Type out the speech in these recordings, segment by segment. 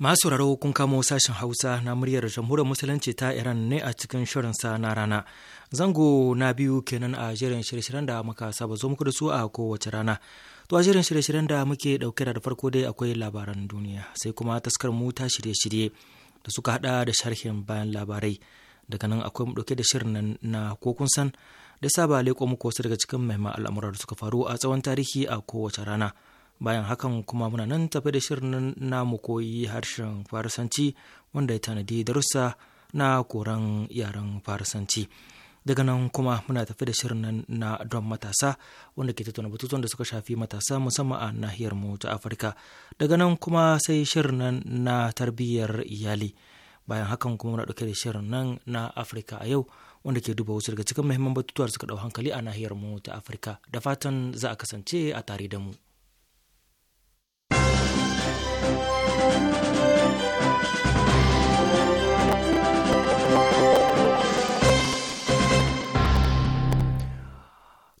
Masu sauraro kun kamo sashen Hausa na muryar jamhuriyar Musulunci ta Iran ne a cikin shirin sa na rana. Zango na biyu kenan a jerin shirye-shiryen da muka saba zo muku da su a kowace rana. To a jerin shirye-shiryen da muke dauke da farko dai akwai labaran duniya sai kuma taskar mu ta shirye-shirye da suka hada da sharhin bayan labarai. Daga nan akwai mu dauke da shirin nan na ko kun san da saba leko muku wasu daga cikin mahimman al'amuran da suka faru a tsawon tarihi a kowace rana. bayan hakan kuma muna nan tafi da shirin namu koyi harshen farisanci wanda ya tanadi darussa na koran yaren farisanci daga nan kuma muna tafi da shirin na don matasa wanda ke tattauna batutuwan da suka shafi matasa musamman a nahiyar mu ta afirka daga nan kuma sai shirin na tarbiyyar iyali bayan hakan kuma muna dauke da shirin nan na afirka a yau wanda ke duba wasu daga cikin muhimman batutuwa suka dau hankali a nahiyar mu ta afirka da fatan za a kasance a tare da mu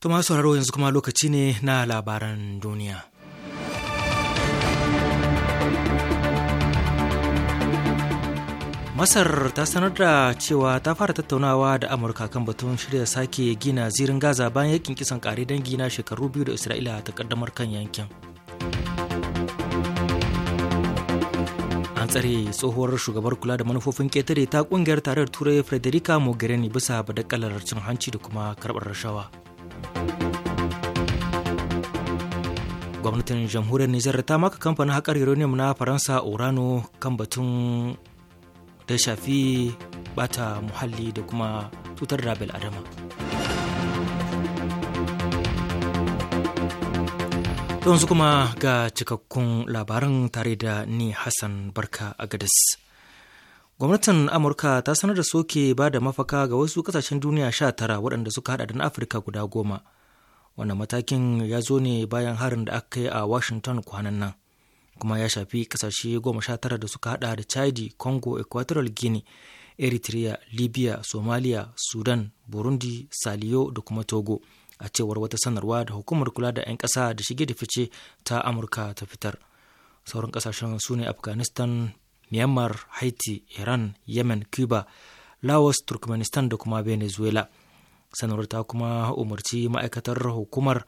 To masu sauraro yanzu kuma lokaci ne na labaran duniya. Masar ta sanar da cewa ta fara tattaunawa da Amurka kan batun shirya sake gina zirin Gaza bayan yakin kisan kare dangi gina shekaru biyu da Isra'ila ta kaddamar kan yankin. An tsare tsohuwar shugabar kula da manufofin ketare ta kungiyar tarayyar Turai Frederica Mogherini bisa badakalar cin hanci da kuma karɓar rashawa. gwamnatin jamhuriyar nijar ta maka kamfanin haƙar uranium na faransa urano kan batun da shafi bata muhalli da kuma cutar da adama yanzu kuma ga cikakkun labaran tare da ni hassan barka a gadas Gwamnatin Amurka ta sanar da soke ba da mafaka ga wasu kasashen duniya sha tara waɗanda suka haɗa da na Afirka guda goma. Wannan matakin ya zo ne bayan harin da aka yi a Washington kwanan nan, kuma ya shafi kasashe goma sha tara da suka haɗa da Chadi, Congo, Equatorial Guinea, Eritrea, Libya, Somalia, Sudan, Burundi, Saliyo da kuma Togo. a cewar wata sanarwa da hukumar kula da 'yan ƙasa da shige da fice ta amurka ta fitar sauran ƙasashen su afghanistan myanmar haiti iran yemen cuba laos turkmenistan da kuma venezuela sanarwar ta kuma umarci ma'aikatar hukumar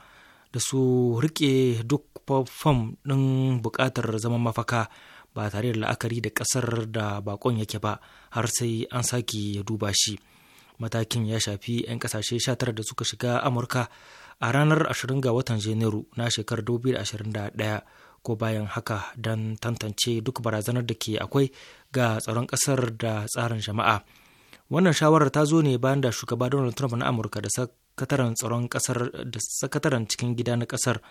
da su riƙe duk fam ɗin buƙatar zaman mafaka ba tare da la'akari da ƙasar da bakon yake ba har sai an saki ya duba shi matakin ya shafi 'yan ƙasashe tara da suka shiga amurka a ranar 20 ga watan janairu na shekarar 2021 ko bayan haka don tantance duk barazanar da ke akwai ga tsaron ƙasar da tsarin jama'a wannan shawarar ta zo ne bayan da shugaba donald trump na amurka da sakataren tsaron ƙasar da sakataren cikin gida na ƙasar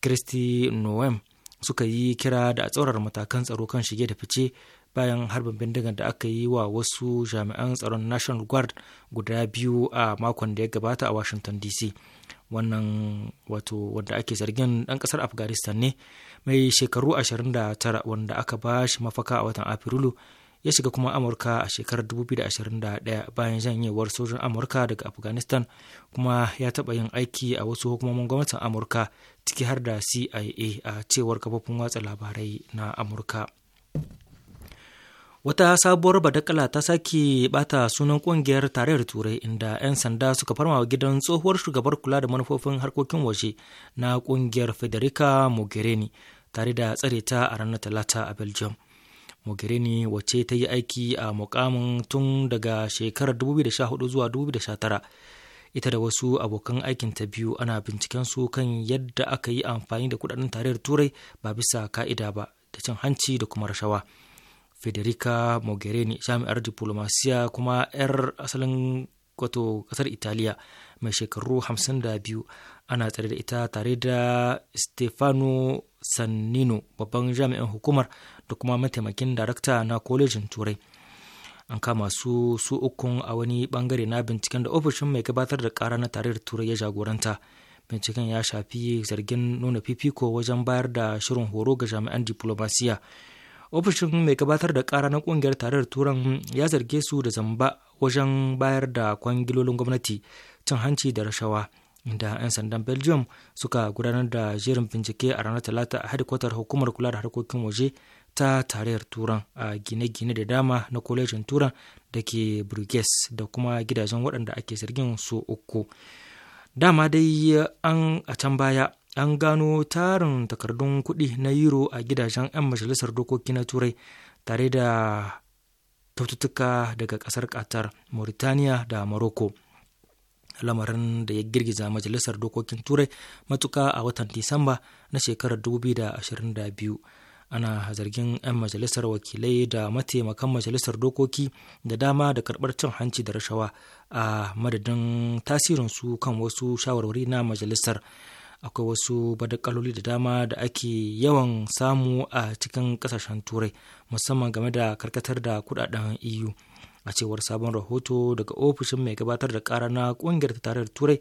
kristi noem suka yi kira da a tsaurar matakan tsaro kan shige da fice bayan harbin bindigan da aka yi wa wasu jami'an tsaron national guard guda biyu a makon da ya gabata a washington dc wannan wato wanda ake zargin dan kasar afghanistan ne mai shekaru 29 wanda aka ba shi mafaka a watan afrilu ya shiga kuma amurka a shekarar 2021 bayan janyewar sojin amurka daga afghanistan kuma ya taɓa yin aiki a wasu hukumomin gwamnatin amurka ciki har da cia a cewar kafofin watsa labarai na amurka Wata sabuwar badakala ta sake bata sunan kungiyar tarayyar Turai inda 'yan sanda suka farma gidan tsohuwar shugabar kula da manufofin harkokin waje na kungiyar Federica Mogherini tare da tsare ta a ranar Talata a Belgium. Mogherini wacce ta yi aiki a mukamin tun daga shekarar 2014 zuwa 2019 ita da wasu abokan aikinta biyu ana binciken su kan yadda aka yi amfani da kudaden tarayyar Turai ba bisa ka'ida ba da cin hanci da kuma rashawa. federica mogherini jami'ar diplomasiya kuma 'yar asalin wato kasar italiya mai shekaru 52 ana tsare da ita tare da stefano sannino babban jami'in hukumar da kuma mataimakin darakta na kolejin turai an kama su su ukun a wani bangare na binciken da ofishin mai gabatar da kara na tarayyar turai ya jagoranta binciken ya shafi zargin nuna fifiko wajen bayar da shirin horo ga jami'an diplomasiya ofishin mai gabatar da kara na kungiyar tarayyar turan ya zarge su da zamba wajen bayar da kwangilolin gwamnati cin hanci da rashawa inda 'yan sandan belgium suka gudanar da jerin bincike a ranar talata a hadikwatar hukumar kula da harkokin waje ta tarayyar turan a gine-gine da dama na kolejin turan da ke bruges da kuma gidajen waɗanda ake zargin su uku dama dai an a can baya an gano tarin takardun kuɗi na euro a gidajen 'yan majalisar dokoki na turai tare da tautuka daga ƙasar qatar mauritania da morocco lamarin da ya girgiza majalisar dokokin turai matuka a watan disamba na shekarar 2022 ana zargin 'yan majalisar wakilai da mataimakan majalisar dokoki da dama da karbar cin hanci da rashawa a madadin tasirinsu kan wasu shawarwari na majalisar akwai wasu badakaloli da dama da ake yawan samu a cikin kasashen turai musamman game da karkatar da kudaden eu a cewar sabon rahoto daga ofishin mai gabatar da kara na kungiyar tarayyar turai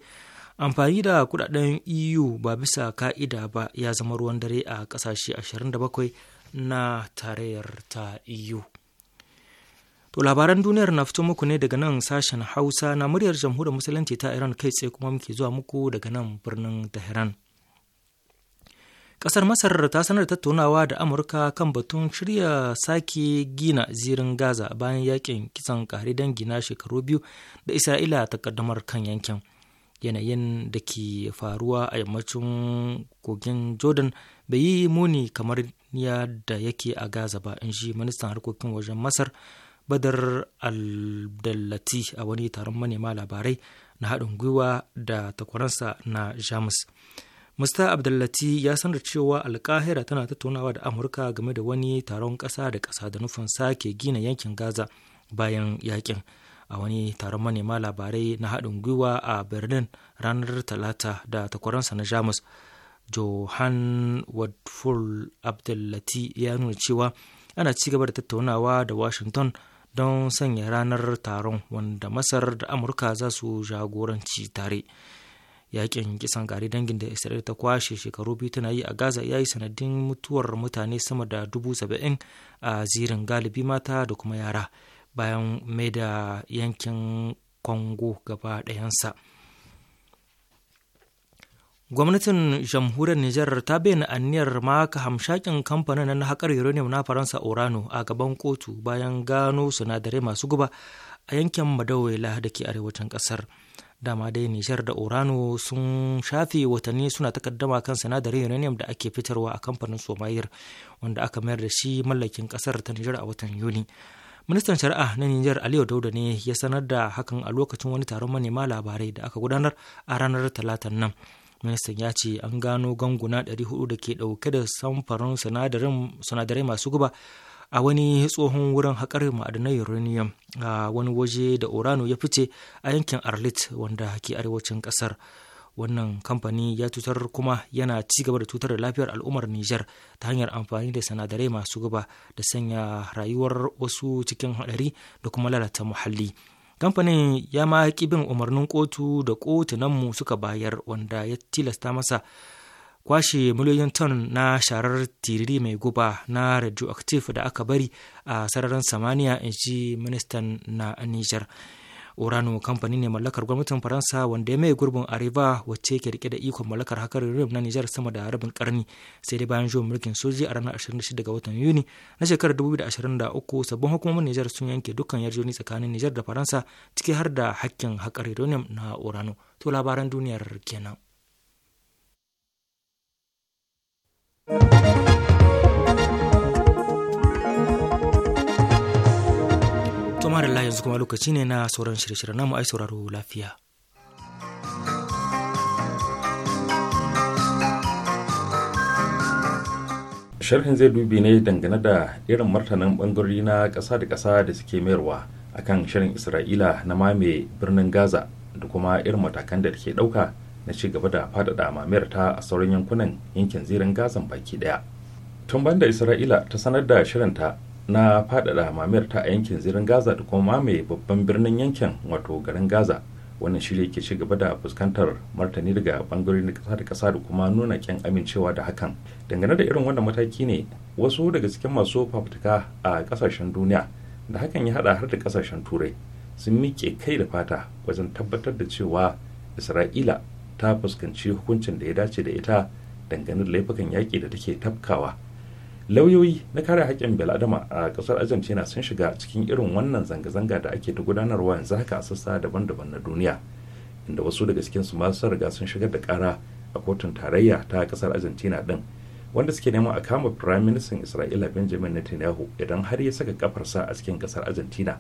amfani da kudaden eu ba bisa ka'ida ba ya zama ruwan dare a kasashe 27 na tarayyar ta eu To labaran duniyar na fito muku ne daga nan sashen Hausa na muryar jamhuriyar musulunci ta Iran kai tsaye kuma muke zuwa muku daga nan birnin Tehran. Kasar Masar ta sanar tattaunawa da Amurka kan batun shirya sake gina zirin Gaza bayan yakin kisan kare dangi na shekaru biyu da Isra'ila ta kaddamar kan yankin. Yanayin da ke faruwa a yammacin kogin Jordan bai yi muni kamar yadda yake a Gaza ba, in ji ministan harkokin wajen Masar badar aldallati a wani taron manema labarai na haɗin gwiwa da takwaransa na jamus mista abdullati ya sanar cewa alkahira tana tattaunawa da amurka game da wani taron ƙasa da ƙasa da nufin sake gina yankin gaza bayan yakin a wani taron manema labarai na haɗin gwiwa a berlin ranar talata da takwaransa na jamus johan wadful abdullati ya nuna cewa ana ci gaba da tattaunawa da washington don sanya ranar taron wanda masar da amurka za su jagoranci tare yakin kisan gari dangin da israel ta kwashe shekaru biyu tana yi a gaza ya yi sanadin mutuwar mutane sama da dubu saba'in a zirin galibi mata da kuma yara bayan mai da yankin kongo gaba ɗayansa Gwamnatin jamhuriyar Nijar ta bayyana aniyar maka hamshakin kamfanin na haƙar uranium na Faransa Orano a gaban kotu bayan gano sinadarai masu guba a yankin Madawela da ke arewacin kasar Dama dai Nijar da Orano sun shafe watanni suna takaddama kan sinadarin uranium da ake fitarwa a kamfanin Somayir wanda aka mayar da shi mallakin ƙasar ta Nijar a watan Yuni. ministan shari'a na Nijar Aliyu Dauda ne ya sanar da hakan a lokacin wani taron manema labarai da aka gudanar a ranar talatan nan ministan ya ce an gano ganguna 400 da ke dauke da samfarin sinadarai masu guba a wani tsohon wurin haƙar ma'adanai uranium a wani waje da orano ya fice a yankin arlit wanda ke arewacin ƙasar wannan kamfani ya cutar kuma yana ci gaba da cutar da lafiyar al'ummar Nijar ta hanyar amfani da sinadarai masu guba da sanya rayuwar wasu cikin haɗari da kuma lalata muhalli. kamfanin ya ma ki bin umarnin kotu da kotunanmu suka bayar wanda ya tilasta masa kwashe miliyoyin ton na sharar tiriri mai guba na radioactive da aka bari a sararin samaniya in ji ministan na niger Orano kamfani ne mallakar gwamnatin Faransa wanda ya mai gurbin Areva wacce ke rike da ikon mallakar hakar Rim na Nijar sama da rabin karni sai dai bayan juyin mulkin soji a ranar 26 ga watan Yuni na shekarar 2023 sabbin hukumomin Nijar sun yanke dukkan yarjoni tsakanin Nijar da Faransa ciki har da hakkin hakar uranium na Orano. To labaran duniyar kenan. kuma da yanzu kuma lokaci ne na sauran shirye-shiryen namu ai sauraro lafiya. sharhin zai dubi ne dangane da irin martanin bangarori na ƙasa da ƙasa da suke mayarwa kan shirin isra'ila na mame birnin gaza da kuma irin matakan da ke ɗauka na ci gaba da faɗaɗa mamayar ta a sauran yankunan yankin zirin gaza baki ɗaya tun banda isra'ila ta sanar da shirinta na faɗaɗa mamayar ta a yankin zirin gaza da kuma mamaye babban birnin yankin wato garin gaza wannan shirya ke ci gaba da fuskantar martani daga bangarorin kasa da kasa da kuma nuna kyan amincewa da hakan dangane da irin wannan mataki ne wasu daga cikin masu fafutuka a kasashen duniya da hakan ya hada har da kasashen turai sun miƙe kai da fata wajen tabbatar da cewa isra'ila ta fuskanci hukuncin da ya dace da ita dangane da laifukan yaƙi da take tafkawa lauyoyi na kare haƙƙin bil'adama a ƙasar argentina sun shiga cikin irin wannan zanga-zanga da ake ta gudanarwa yanzu haka a sassa daban-daban na duniya inda wasu daga cikin su masu riga sun shigar da ƙara a kotun tarayya ta ƙasar argentina din wanda suke neman a kama prime minister isra'ila benjamin netanyahu idan har ya saka kafarsa a cikin ƙasar argentina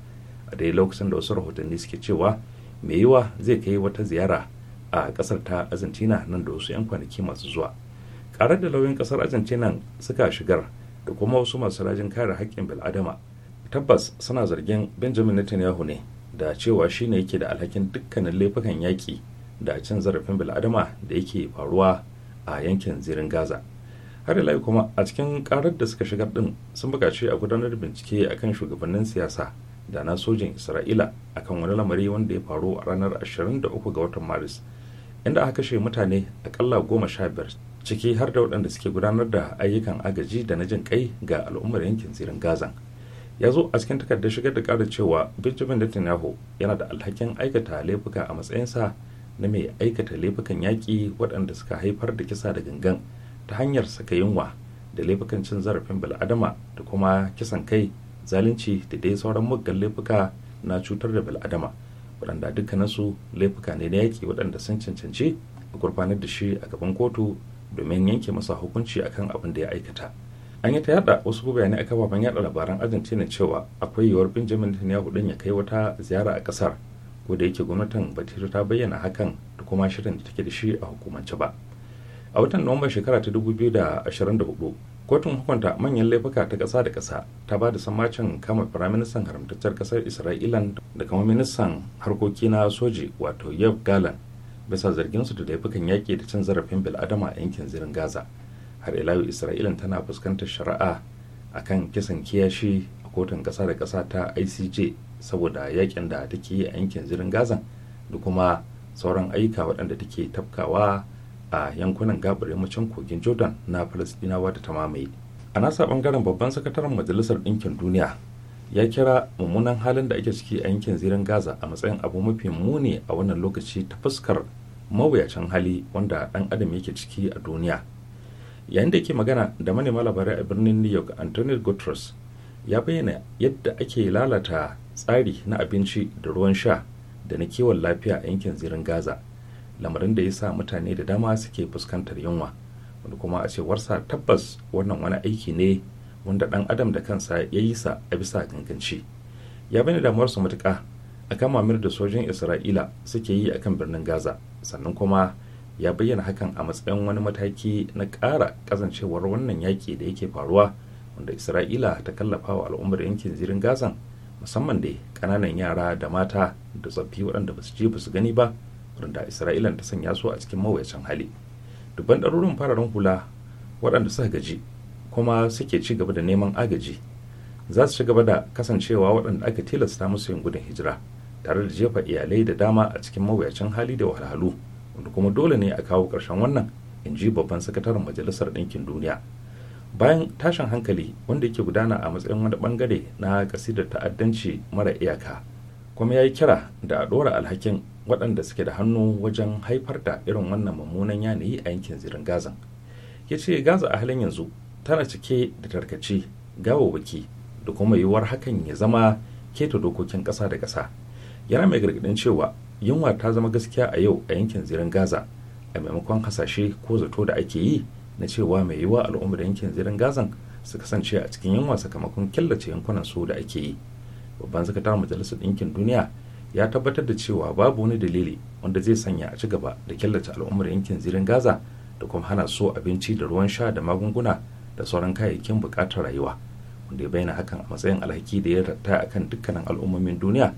a dai lokacin da wasu rahotanni suke cewa mai yiwa zai kai wata ziyara a ƙasar ta argentina nan da wasu 'yan kwanaki masu zuwa ƙarar da lauyan ƙasar argentina suka shigar da kuma wasu masu rajin kare haƙƙin bil'adama tabbas suna zargin benjamin netanyahu ne da cewa shi ne yake da alhakin dukkanin laifukan yaƙi da cin zarafin bil'adama da yake faruwa a yankin zirin gaza har ila kuma a cikin karar da suka shigar din sun buƙaci a gudanar bincike akan shugabannin siyasa da na sojin isra'ila akan wani lamari wanda ya faru a ranar 23 ga watan maris inda aka kashe mutane akalla goma sha biyar ciki har da waɗanda suke gudanar da ayyukan agaji da na jin kai ga al'ummar yankin zirin gazan ya zo a cikin takardar shigar da ƙara cewa benjamin netanyahu yana da alhakin aikata laifuka a matsayinsa na mai aikata laifukan yaƙi waɗanda suka haifar da kisa da gangan ta hanyar saka yunwa da laifukan cin zarafin bil'adama da kuma kisan kai zalunci da dai sauran muggan laifuka na cutar da bil'adama waɗanda dukkaninsu laifuka ne na yaƙi waɗanda sun cancanci a gurfanar da shi a gaban kotu domin yanke masa hukunci akan abin da ya aikata an yi ta yada wasu bayanai a kafafen yada labaran argentina cewa akwai yiwuwar benjamin netanyahu din ya kai wata ziyara a kasar ko da yake gwamnatin ba ta bayyana hakan da kuma shirin da take da shi a hukumance ba a watan nuwamba shekara ta 2024 kotun hukunta manyan laifuka ta kasa da kasa ta ba da sammacin kama firaministan haramtaccen kasar isra'ilan da kama ministan harkoki na soji wato yev galan bisa zarginsu da laifukan yaƙi da cin zarafin bil'adama a yankin zirin gaza har ila yau isra'ilan tana fuskantar shari'a a kan kisan kiyashi a kotun ƙasa da ƙasa ta icj saboda yaƙin da take yi a yankin zirin gaza da kuma sauran ayyuka waɗanda take tafkawa a yankunan gabar yammacin kogin jordan na falastinawa da ta mamaye a nasa ɓangaren babban sakataren majalisar ɗinkin duniya ya kira mummunan halin da ake ciki a yankin zirin gaza a matsayin abu mafi muni a wannan lokaci ta fuskar mawuyacin hali wanda dan adam yake ciki a duniya yayin da yake magana da manema labarai a birnin new york anthony guterres ya bayyana yadda ake lalata tsari na abinci da ruwan sha da na kiwon lafiya a yankin zirin gaza lamarin da ya sa mutane da dama suke fuskantar yunwa wani kuma a cewarsa tabbas wannan wani aiki ne wanda dan adam da kansa ya yi sa a bisa ganganci ya bani damuwarsa matuƙa akan mamir da sojin isra'ila suke yi akan birnin gaza sannan kuma ya bayyana hakan a matsayin wani mataki na ƙara kazancewar wannan yaƙi da yake faruwa wanda isra'ila ta kallafa wa al'ummar yankin zirin gazan musamman da ƙananan yara da mata da tsoffi waɗanda ba su je ba su gani ba wanda isra'ilan ta sanya su a cikin mawuyacin hali dubban ɗarurin fararen hula waɗanda suka gaji kuma suke ci gaba da neman agaji za su ci gaba da kasancewa waɗanda aka tilasta musu yin gudun hijira tare da jefa iyalai da dama a cikin mawuyacin hali da wahalhalu wanda kuma dole ne a kawo ƙarshen wannan in ji babban sakataren majalisar ɗinkin duniya bayan tashin hankali wanda yake gudana a matsayin wani ɓangare na ƙasidar ta'addanci mara iyaka kuma ya yi kira da a ɗora alhakin waɗanda suke da hannu wajen haifar da irin wannan mummunan yanayi a yankin zirin gazan ya ce gaza a halin yanzu tana cike da tarkace gawawwaki da kuma yiwuwar hakan ya zama keta dokokin ƙasa da ƙasa yana mai gargaɗin cewa yunwa ta zama gaskiya a yau a yankin zirin gaza a maimakon hasashe ko zato da ake yi na cewa mai yiwuwa al'ummar yankin zirin gazan su kasance a cikin yunwa sakamakon killace yankunan su da ake yi babban zakatar majalisar ɗinkin duniya ya tabbatar da cewa babu wani dalili wanda zai sanya a ci gaba da killace al'ummar yankin zirin gaza da kuma hana so abinci da ruwan sha da magunguna da sauran kayayyakin buƙatar rayuwa wanda ya bayyana hakan a matsayin alhaki da ya a kan dukkanin al'ummomin duniya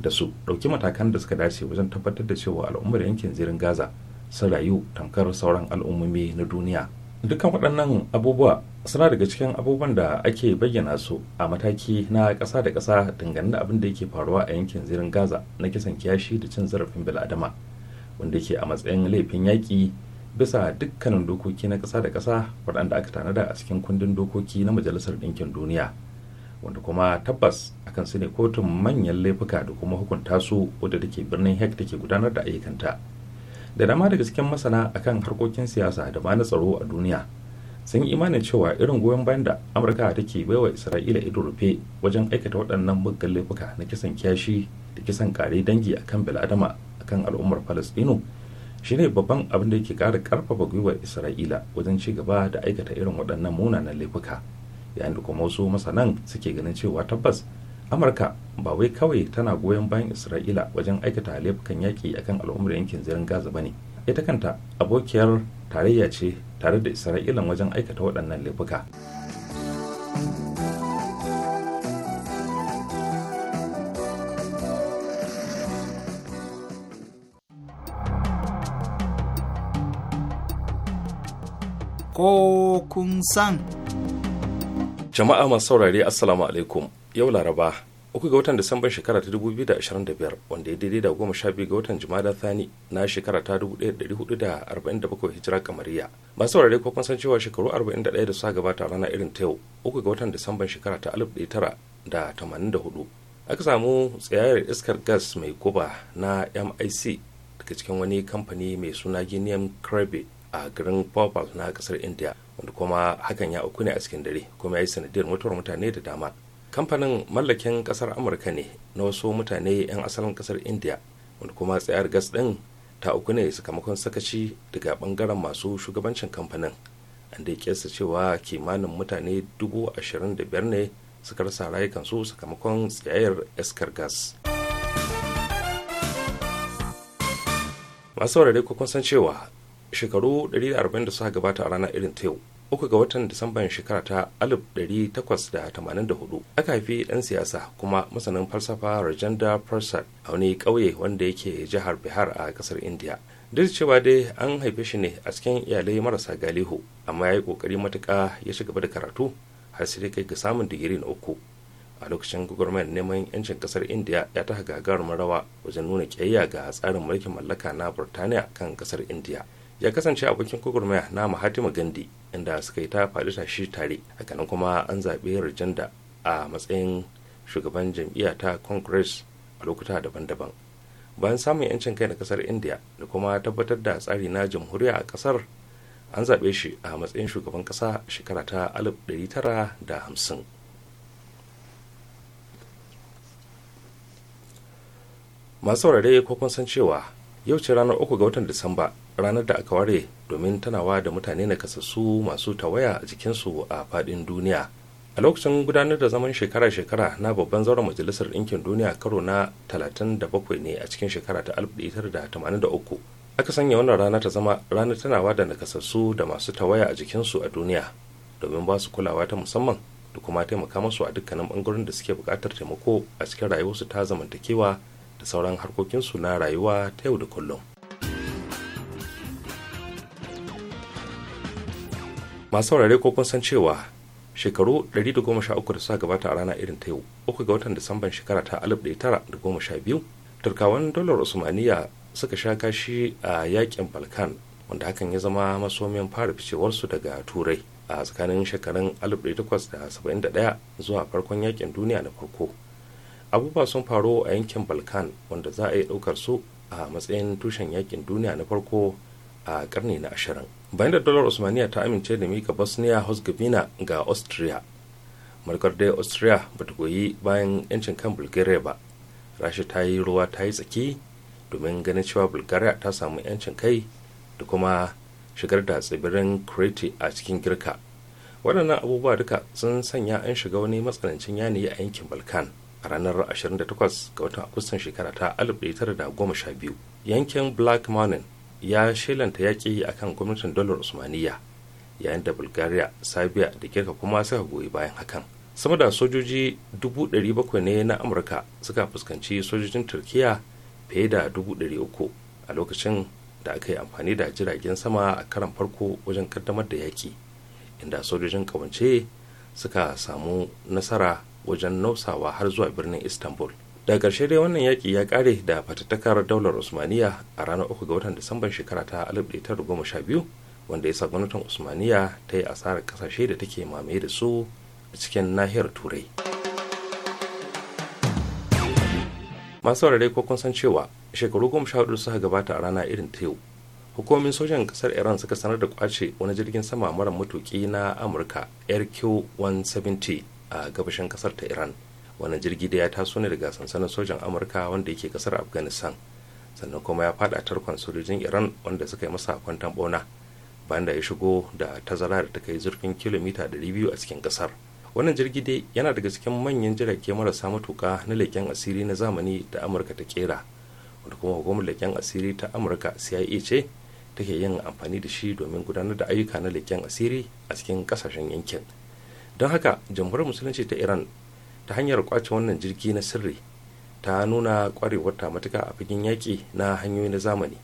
da su ɗauki matakan da suka dace wajen tabbatar da cewa al'ummar yankin zirin gaza sun rayu tamkar sauran al'ummomi na duniya dukkan waɗannan abubuwa suna daga cikin abubuwan da ake bayyana su a mataki na ƙasa da ƙasa dangane da abin da yake faruwa a yankin zirin gaza na kisan kiyashi da cin zarafin bil'adama wanda yake a matsayin laifin yaƙi bisa dukkanin dokoki na ƙasa da ƙasa waɗanda aka tanada a cikin kundin dokoki na majalisar ɗinkin duniya wanda kuma tabbas akan su ne kotun manyan laifuka da kuma hukunta su wadda take birnin hek take gudanar da ayyukanta da dama daga cikin masana akan harkokin siyasa da ma na tsaro a duniya sun yi imanin cewa irin goyon bayan da amurka take baiwa isra'ila ido rufe wajen aikata waɗannan muggan laifuka na kisan kyashi da kisan kare dangi akan bil'adama akan al'ummar falastinu shine babban abin da yake kara karfafa gwiwar isra'ila wajen ci gaba da aikata irin waɗannan munanan laifuka yayin da kuma wasu masanan suke ganin cewa tabbas amurka ba wai kawai tana goyon bayan isra'ila wajen aikata laifukan yaƙi akan al'ummar yankin zirin gaza ba ne ita kanta abokiyar tarayya ce tare da isra'ilan wajen aikata waɗannan laifuka. ko kun san. Jama'a masu saurare Assalamu alaikum yau Laraba uku ga watan Disamban shekara ta 2025 wanda ya daidai da goma sha biyu ga watan Jumada Thani na shekara ta 1447 hijira kamariya. Masu saurare ko kun san cewa shekaru 41 da suka gabata rana irin ta yau uku ga watan Disamban shekara ta 1984 aka samu tsayayyar iskar gas mai guba na MIC daga cikin wani kamfani mai suna Guinean Crabbe a garin Bhopal na kasar India wanda kuma hakan ya auku ne a cikin dare kuma ya yi sanadiyar mutuwar mutane da dama. Kamfanin mallakin kasar Amurka ne na wasu mutane 'yan asalin kasar India wanda kuma tsayar gas ɗin ta auku ne sakamakon sakaci daga bangaren masu shugabancin kamfanin. An da ya cewa kimanin mutane dubu ashirin da biyar ne suka rasa rayukansu sakamakon tsayayyar iskar gas. masu saurari ko kun san cewa shekaru 140 da suka gabata a ranar irin yau uku ga watan disamban shekara ta 1884 aka haifi ɗan siyasa kuma masanin falsafa rajendra prasad a wani ƙauye wanda yake jihar bihar a kasar india duk cewa dai an haife shi ne a cikin iyalai marasa galihu amma ya yi ƙoƙarin matuka ya ci gaba da karatu har sai dai kai ga samun digiri na uku a lokacin gwagwarmayar neman yancin kasar india ya ta gagarumin rawa wajen nuna kyayya ga tsarin mulkin mallaka na burtaniya kan kasar india ya kasance abokin gwagwarmaya na mahatima gandhi inda suka yi ta faɗi tashi tare hakanan kuma an zaɓi rajanda a matsayin shugaban jam'iyya ta congress a lokuta daban-daban bayan samun yancin kai na kasar india da kuma tabbatar da tsari na jamhuriya a kasar an zaɓe shi a matsayin shugaban ƙasa shekara ta 1950 masu saurare ko kun san cewa yau ce ranar 3 ga watan disamba ranar da aka ware domin tanawa da mutane na kasassu masu tawaya a jikinsu a fadin duniya a lokacin gudanar da zaman shekara-shekara na babban zauren majalisar ɗinkin duniya karo na 37 ne a cikin shekara ta 1983 aka sanya wannan rana ta zama ranar tanawa da nakasassu da masu tawaya a jikinsu a duniya domin ba su kulawa ta musamman da kuma taimaka musu a dukkanin ɓangaren da suke buƙatar taimako a cikin rayuwarsu ta zamantakewa da sauran harkokinsu na rayuwa ta yau da kullum. masu saurare ko kun san cewa shekaru 113 da suka gabata a rana irin ta yau uku ga watan disamban shekara ta 1912 turkawan dolar usmaniya suka sha kashi a yakin balkan wanda hakan ya zama masomin fara ficewarsu daga turai a tsakanin shekarun 1871 zuwa farkon yakin duniya na farko abubuwa sun faru a yankin balkan wanda za a yi daukar su a matsayin tushen yakin duniya na farko a karni na ashirin bayan da dalar usmaniya ta amince da mika bosnia herzegovina ga austria markar dai austria ba ta goyi bayan yancin kan bulgaria ba rashi ta yi ruwa ta yi tsaki domin ganin cewa bulgaria ta samu yancin kai da kuma shigar da tsibirin kreti a cikin girka waɗannan abubuwa duka sun sanya an shiga wani matsanancin yanayi a yankin balkan a ranar 28 ga watan agustan shekara ta 1912 yankin black mountain ya shelanta yaƙi a kan gwamnatin dalar usmaniya yayin da bulgaria serbia da girka kuma suka goyi bayan hakan sama da sojoji 700,000 ne na amurka suka fuskanci sojojin turkiya fiye da 300,000 a lokacin da aka yi amfani da jiragen sama a karan farko wajen kaddamar da yaƙi inda sojojin kawance suka samu nasara wajen nausawa har zuwa birnin istanbul da ƙarshe dai wannan yaƙi ya ƙare da fatattakar daular usmaniya a ranar 3 ga watan disamban shekara ta 1912 wanda ya sa gwamnatin usmaniya ta yi asarar kasashe da take mamaye da su a cikin nahiyar turai masu warare ko kun san cewa shekaru goma sha hudu suka gabata a rana irin ta yau hukumomin sojan ƙasar iran suka sanar da kwace wani jirgin sama mara matuki na amurka rq-170 a gabashin ƙasar ta iran wannan jirgi da ya taso ne daga sansanin sojan amurka wanda yake kasar afghanistan sannan kuma ya fada tarkon sojojin iran wanda suka yi masa kwantan bauna bayan da ya shigo da tazara da ta kai zurfin kilomita 200 a cikin kasar wannan jirgi dai yana daga cikin manyan jirage marasa matuka na leken asiri na zamani da amurka ta kera wanda kuma hukumar leken asiri ta amurka cia ce take yin amfani da shi domin gudanar da ayyuka na leken asiri a cikin kasashen yankin don haka jamhuriyar musulunci ta iran ta hanyar kwace wannan jirgi na sirri ta nuna kwarewar ta matuka a fagen yaƙi na hanyoyi na zamani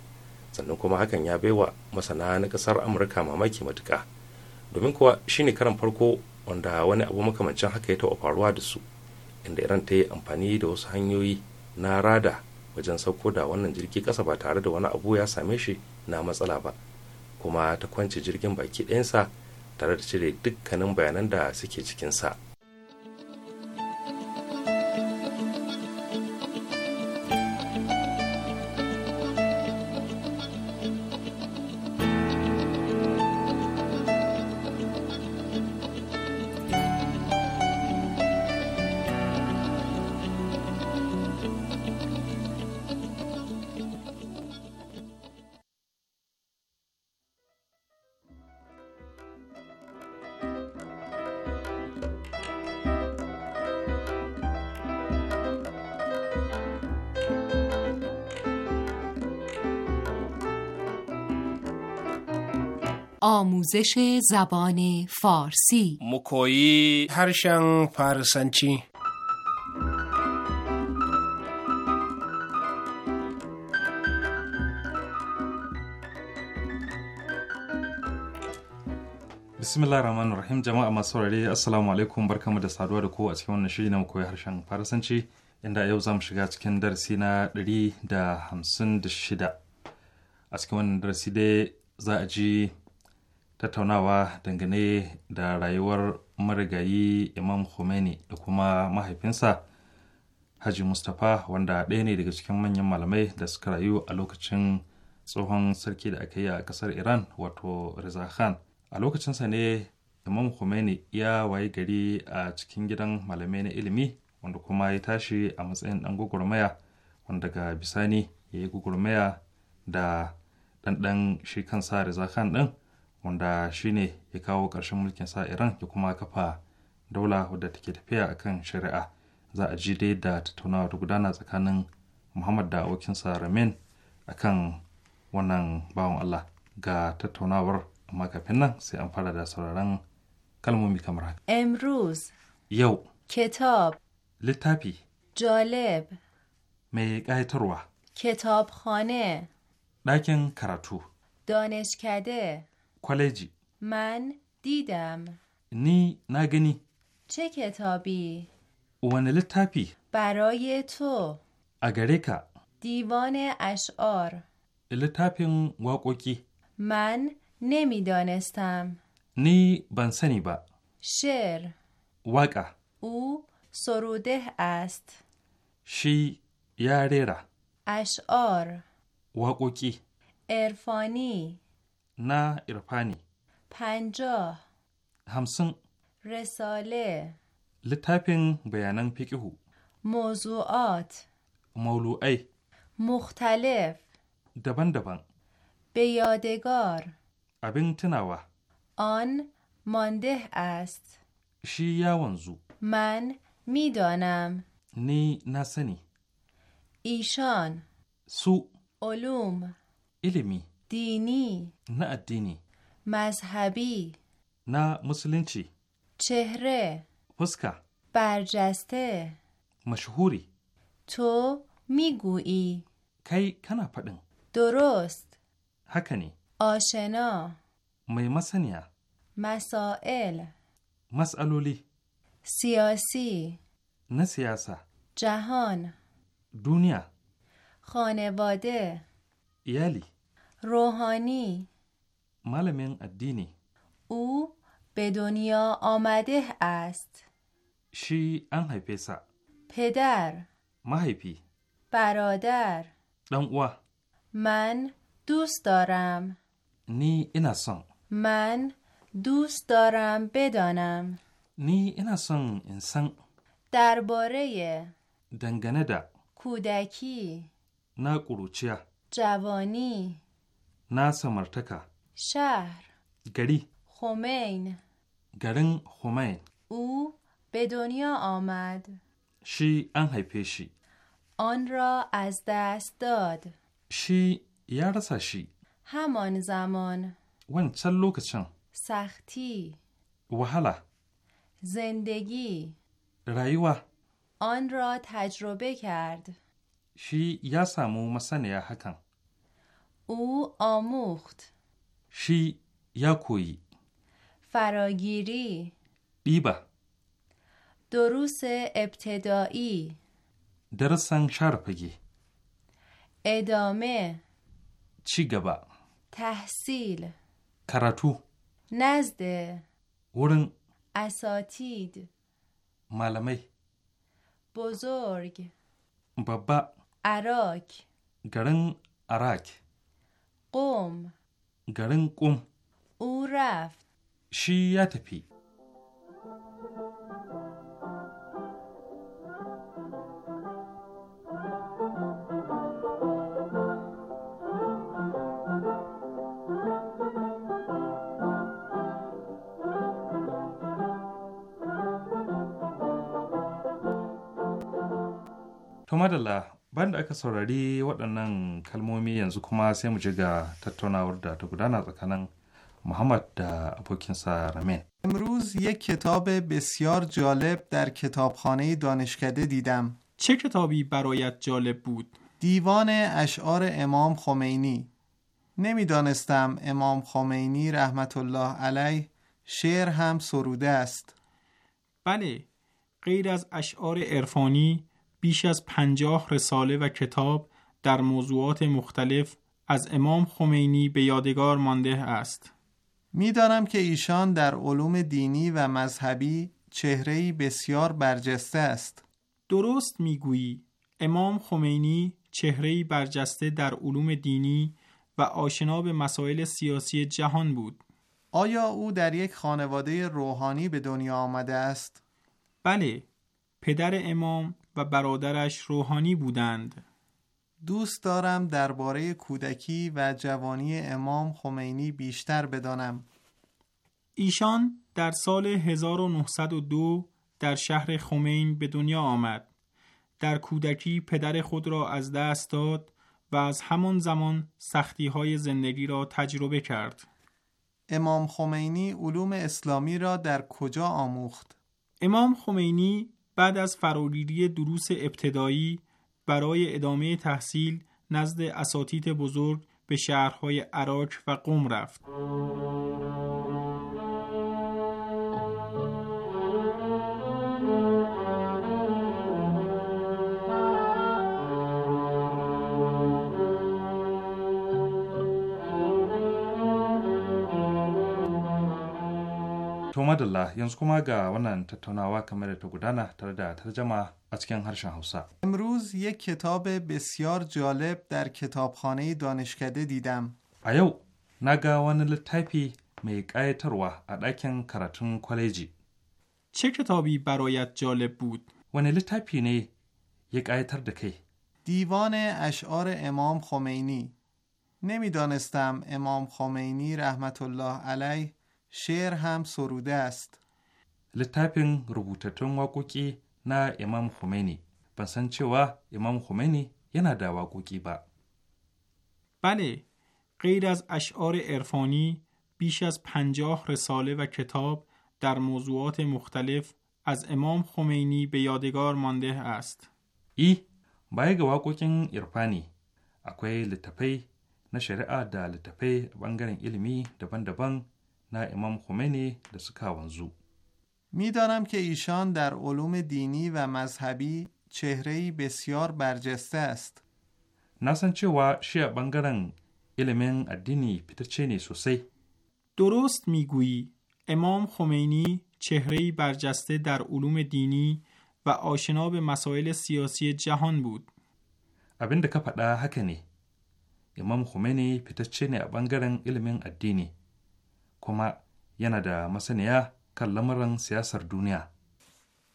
sannan kuma hakan ya baiwa masana na ƙasar amurka mamaki matuka domin kuwa shine karan farko wanda wani abu makamancin haka ya taɓa faruwa da su inda iran ta yi amfani da wasu hanyoyi na rada wajen sauko da wannan jirgi ƙasa ba tare da wani abu ya same shi na matsala ba kuma ta kwance jirgin baki ɗayansa tare da cire dukkanin bayanan da suke cikinsa آموزش زبان فارسی مکویی هرشن فارسنچی bismillah rahman rahim jama'a masu saurare assalamu alaikum barkamu da saduwa da ku a cikin wannan shiri na mu koyi harshen farasanci inda yau za mu shiga cikin darasi na 156 a cikin wannan darasi dai za a ji tattaunawa dangane da rayuwar marigayi imam khomeini da kuma mahaifinsa haji mustapha wanda ɗaya ne daga cikin manyan malamai da suka rayu a lokacin tsohon sarki da aka yi a ƙasar iran wato reza khan a lokacinsa ne imam khomeini ya wayi gari a cikin gidan malamai na ilimi wanda kuma ya tashi a matsayin ɗan gwagwarmaya wanda daga bisani ya yi gwagwarmaya da ɗanɗan shi kansa reza khan ɗin wanda shine ya kawo ƙarshen mulkin sa iran ya kuma kafa daula wadda take tafiya akan shari'a za a ji dai da tattaunawa ta gudana tsakanin muhammad da abokinsa ramin akan wannan bawan allah ga tattaunawar amma kafin nan sai an fara da sauraron kalmomi kamar haka امروز yau کتاب littafi جالب mai ƙayatarwa کتابخانه ɗakin karatu دانشکده کالجی من دیدم نی نگنی چه کتابی؟ اون تپی برای تو اگریکا دیوان اشعار التاپین واقوکی من نمیدانستم نی بنسنی با شعر واقع او سروده است شی یاریرا اشعار واقوکی عرفانی نه ایرپانی پنجاه همسن رساله لطفین بیانن پیکهو موضوعات مولوعی مختلف دبن دبن به یادگار ابن تناوه آن مانده است شی یاونزو من میدانم نی نسنی ایشان سو علوم علمی دینی نه ادینی مذهبی نه مسلمچی چهره فسکا برجسته مشهوری تو میگویی کی کنا پدن درست هکنی آشنا می مسنیا مسائل مسئلولی سیاسی نه سیاسا جهان دنیا خانواده یالی روحانی معلم الدینی او به دنیا آمده است شی ان پیسا پدر مهیپی برادر دان من دوست دارم نی انسان من دوست دارم بدانم نی انسان سون انسان درباره دنگنه دا کودکی نا جوانی na samartaka شهر گری خومین گرن خومین او به دنیا آمد شی ان پیشی آن را از دست داد شی یا رسا شی همان زمان ونچن لوکچن سختی وهله زندگی رایوه آن را تجربه کرد شی یا سامو مسنیا هکن او آموخت شی یا فراگیری بیبه دروس ابتدایی درسن شرپگی ادامه چی گبا تحصیل کراتو نزد ورن اساتید بزرگ بابا عراک گرن عراک qum garin ƙum. uraf shi ya tafi Madalla, bayan da aka saurari waɗannan kalmomi yanzu kuma sai mu ji ga tattaunawar da ta gudana tsakanin رمین امروز یک کتاب بسیار جالب در کتابخانه دانشکده دیدم چه کتابی برایت جالب بود؟ دیوان اشعار امام خمینی نمیدانستم امام خمینی رحمت الله علیه شعر هم سروده است بله غیر از اشعار عرفانی بیش از پنجاه رساله و کتاب در موضوعات مختلف از امام خمینی به یادگار مانده است. میدانم که ایشان در علوم دینی و مذهبی چهرهی بسیار برجسته است. درست میگویی امام خمینی چهرهی برجسته در علوم دینی و آشنا به مسائل سیاسی جهان بود. آیا او در یک خانواده روحانی به دنیا آمده است؟ بله، پدر امام و برادرش روحانی بودند دوست دارم درباره کودکی و جوانی امام خمینی بیشتر بدانم ایشان در سال 1902 در شهر خمین به دنیا آمد در کودکی پدر خود را از دست داد و از همان زمان سختی های زندگی را تجربه کرد امام خمینی علوم اسلامی را در کجا آموخت؟ امام خمینی بعد از فراگیری دروس ابتدایی برای ادامه تحصیل نزد اساتید بزرگ به شهرهای عراق و قوم رفت. madalla yanzu kuma ga wannan tattaunawa kamar da ta gudana tare da tarjama a cikin harshen Hausa. Amruz yake kitab بسیار jalib dar kitabkhane danishkade didam. A yau na ga wani littafi mai ƙayatarwa a ɗakin karatun kwaleji. Ce kitabi barayat jalib bud. wani littafi ne ya ƙayatar da kai? دیوان اشعار امام خمینی نمیدانستم امام خمینی رحمت الله علیه شعر هم سروده است لطاپن روبوتتون واقوکی نا امام خمینی بسان چه وا امام خمینی یه نا واقوکی با بله غیر از اشعار ارفانی بیش از پنجاه رساله و کتاب در موضوعات مختلف از امام خمینی به یادگار مانده است ای بای گواقوکن ارفانی اکوی نه نشریعه دا لطاپی بانگرن علمی دبان دبان نه امام میدانم که ایشان در علوم دینی و مذهبی چهره بسیار برجسته است. ناسن چه و شیع بنگرن علمین ادینی چینی سوسی. درست میگویی امام خمینی چهره برجسته در علوم دینی و آشنا به مسائل سیاسی جهان بود. ابین دکا ka هکنی، امام خمینی پیتر چینی fitacce علمین kuma yana da masaniya kan lamarin siyasar duniya.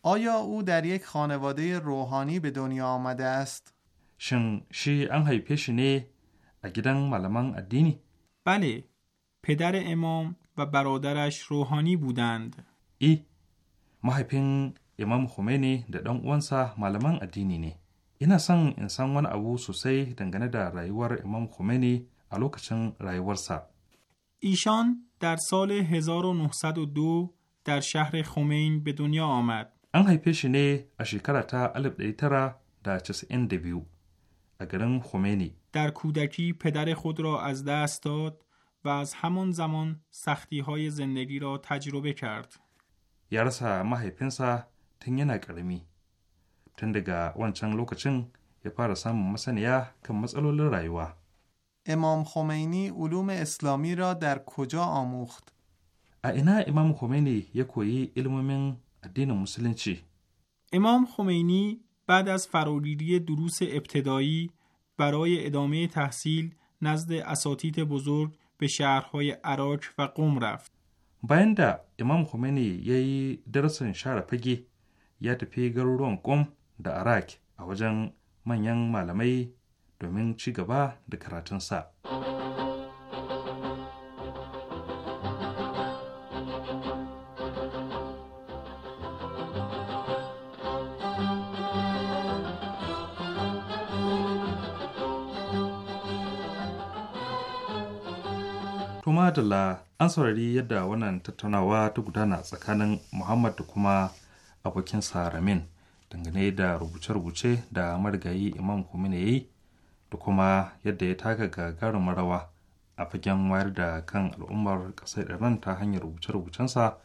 آیا او در یک خانواده روحانی به دنیا آمده است؟ شن شی ان های پیشنه اگیدن ملمان ادینی؟ بله، پدر امام و برادرش روحانی بودند. ای، ما پین امام خمینی در دان اوانسا ملمان ادینی نی. اینا سن انسان وان او سوسی دنگنه در رایوار امام خمینی الوکچن رایوار ساب. ایشان در سال 1902 در شهر خمین به دنیا آمد. آن های پیش نه تا علب دیترا در چس این ا اگرن خمینی. در کودکی پدر خود را از دست داد و از همان زمان سختی های زندگی را تجربه کرد. یارسا ماه پنسا تنگی نگرمی. تندگا وانچنگ لوکچنگ یپارسام مسانیا کم مسئلو لرائیوه. امام خمینی علوم اسلامی را در کجا آموخت؟ اینا امام خمینی یکوی کوی من دین مسلم چی؟ امام خمینی بعد از فراگیری دروس ابتدایی برای ادامه تحصیل نزد اساتید بزرگ به شهرهای عراق و قوم رفت. بایند امام خمینی یه درس شهر پگی یا fage ya قوم عراق عراق da Arak domin ci gaba da karatunsa. Tuma Adala an saurari yadda wannan tattaunawa ta gudana tsakanin Muhammad da kuma abokinsa Ramin dangane da rubuce-rubuce da marigayi Imam Khomeini ya yi da kuma yadda ya taka gagarumin rawa a fagen wayar da kan al'ummar ƙasar iran ta hanyar rubuce-rubucensa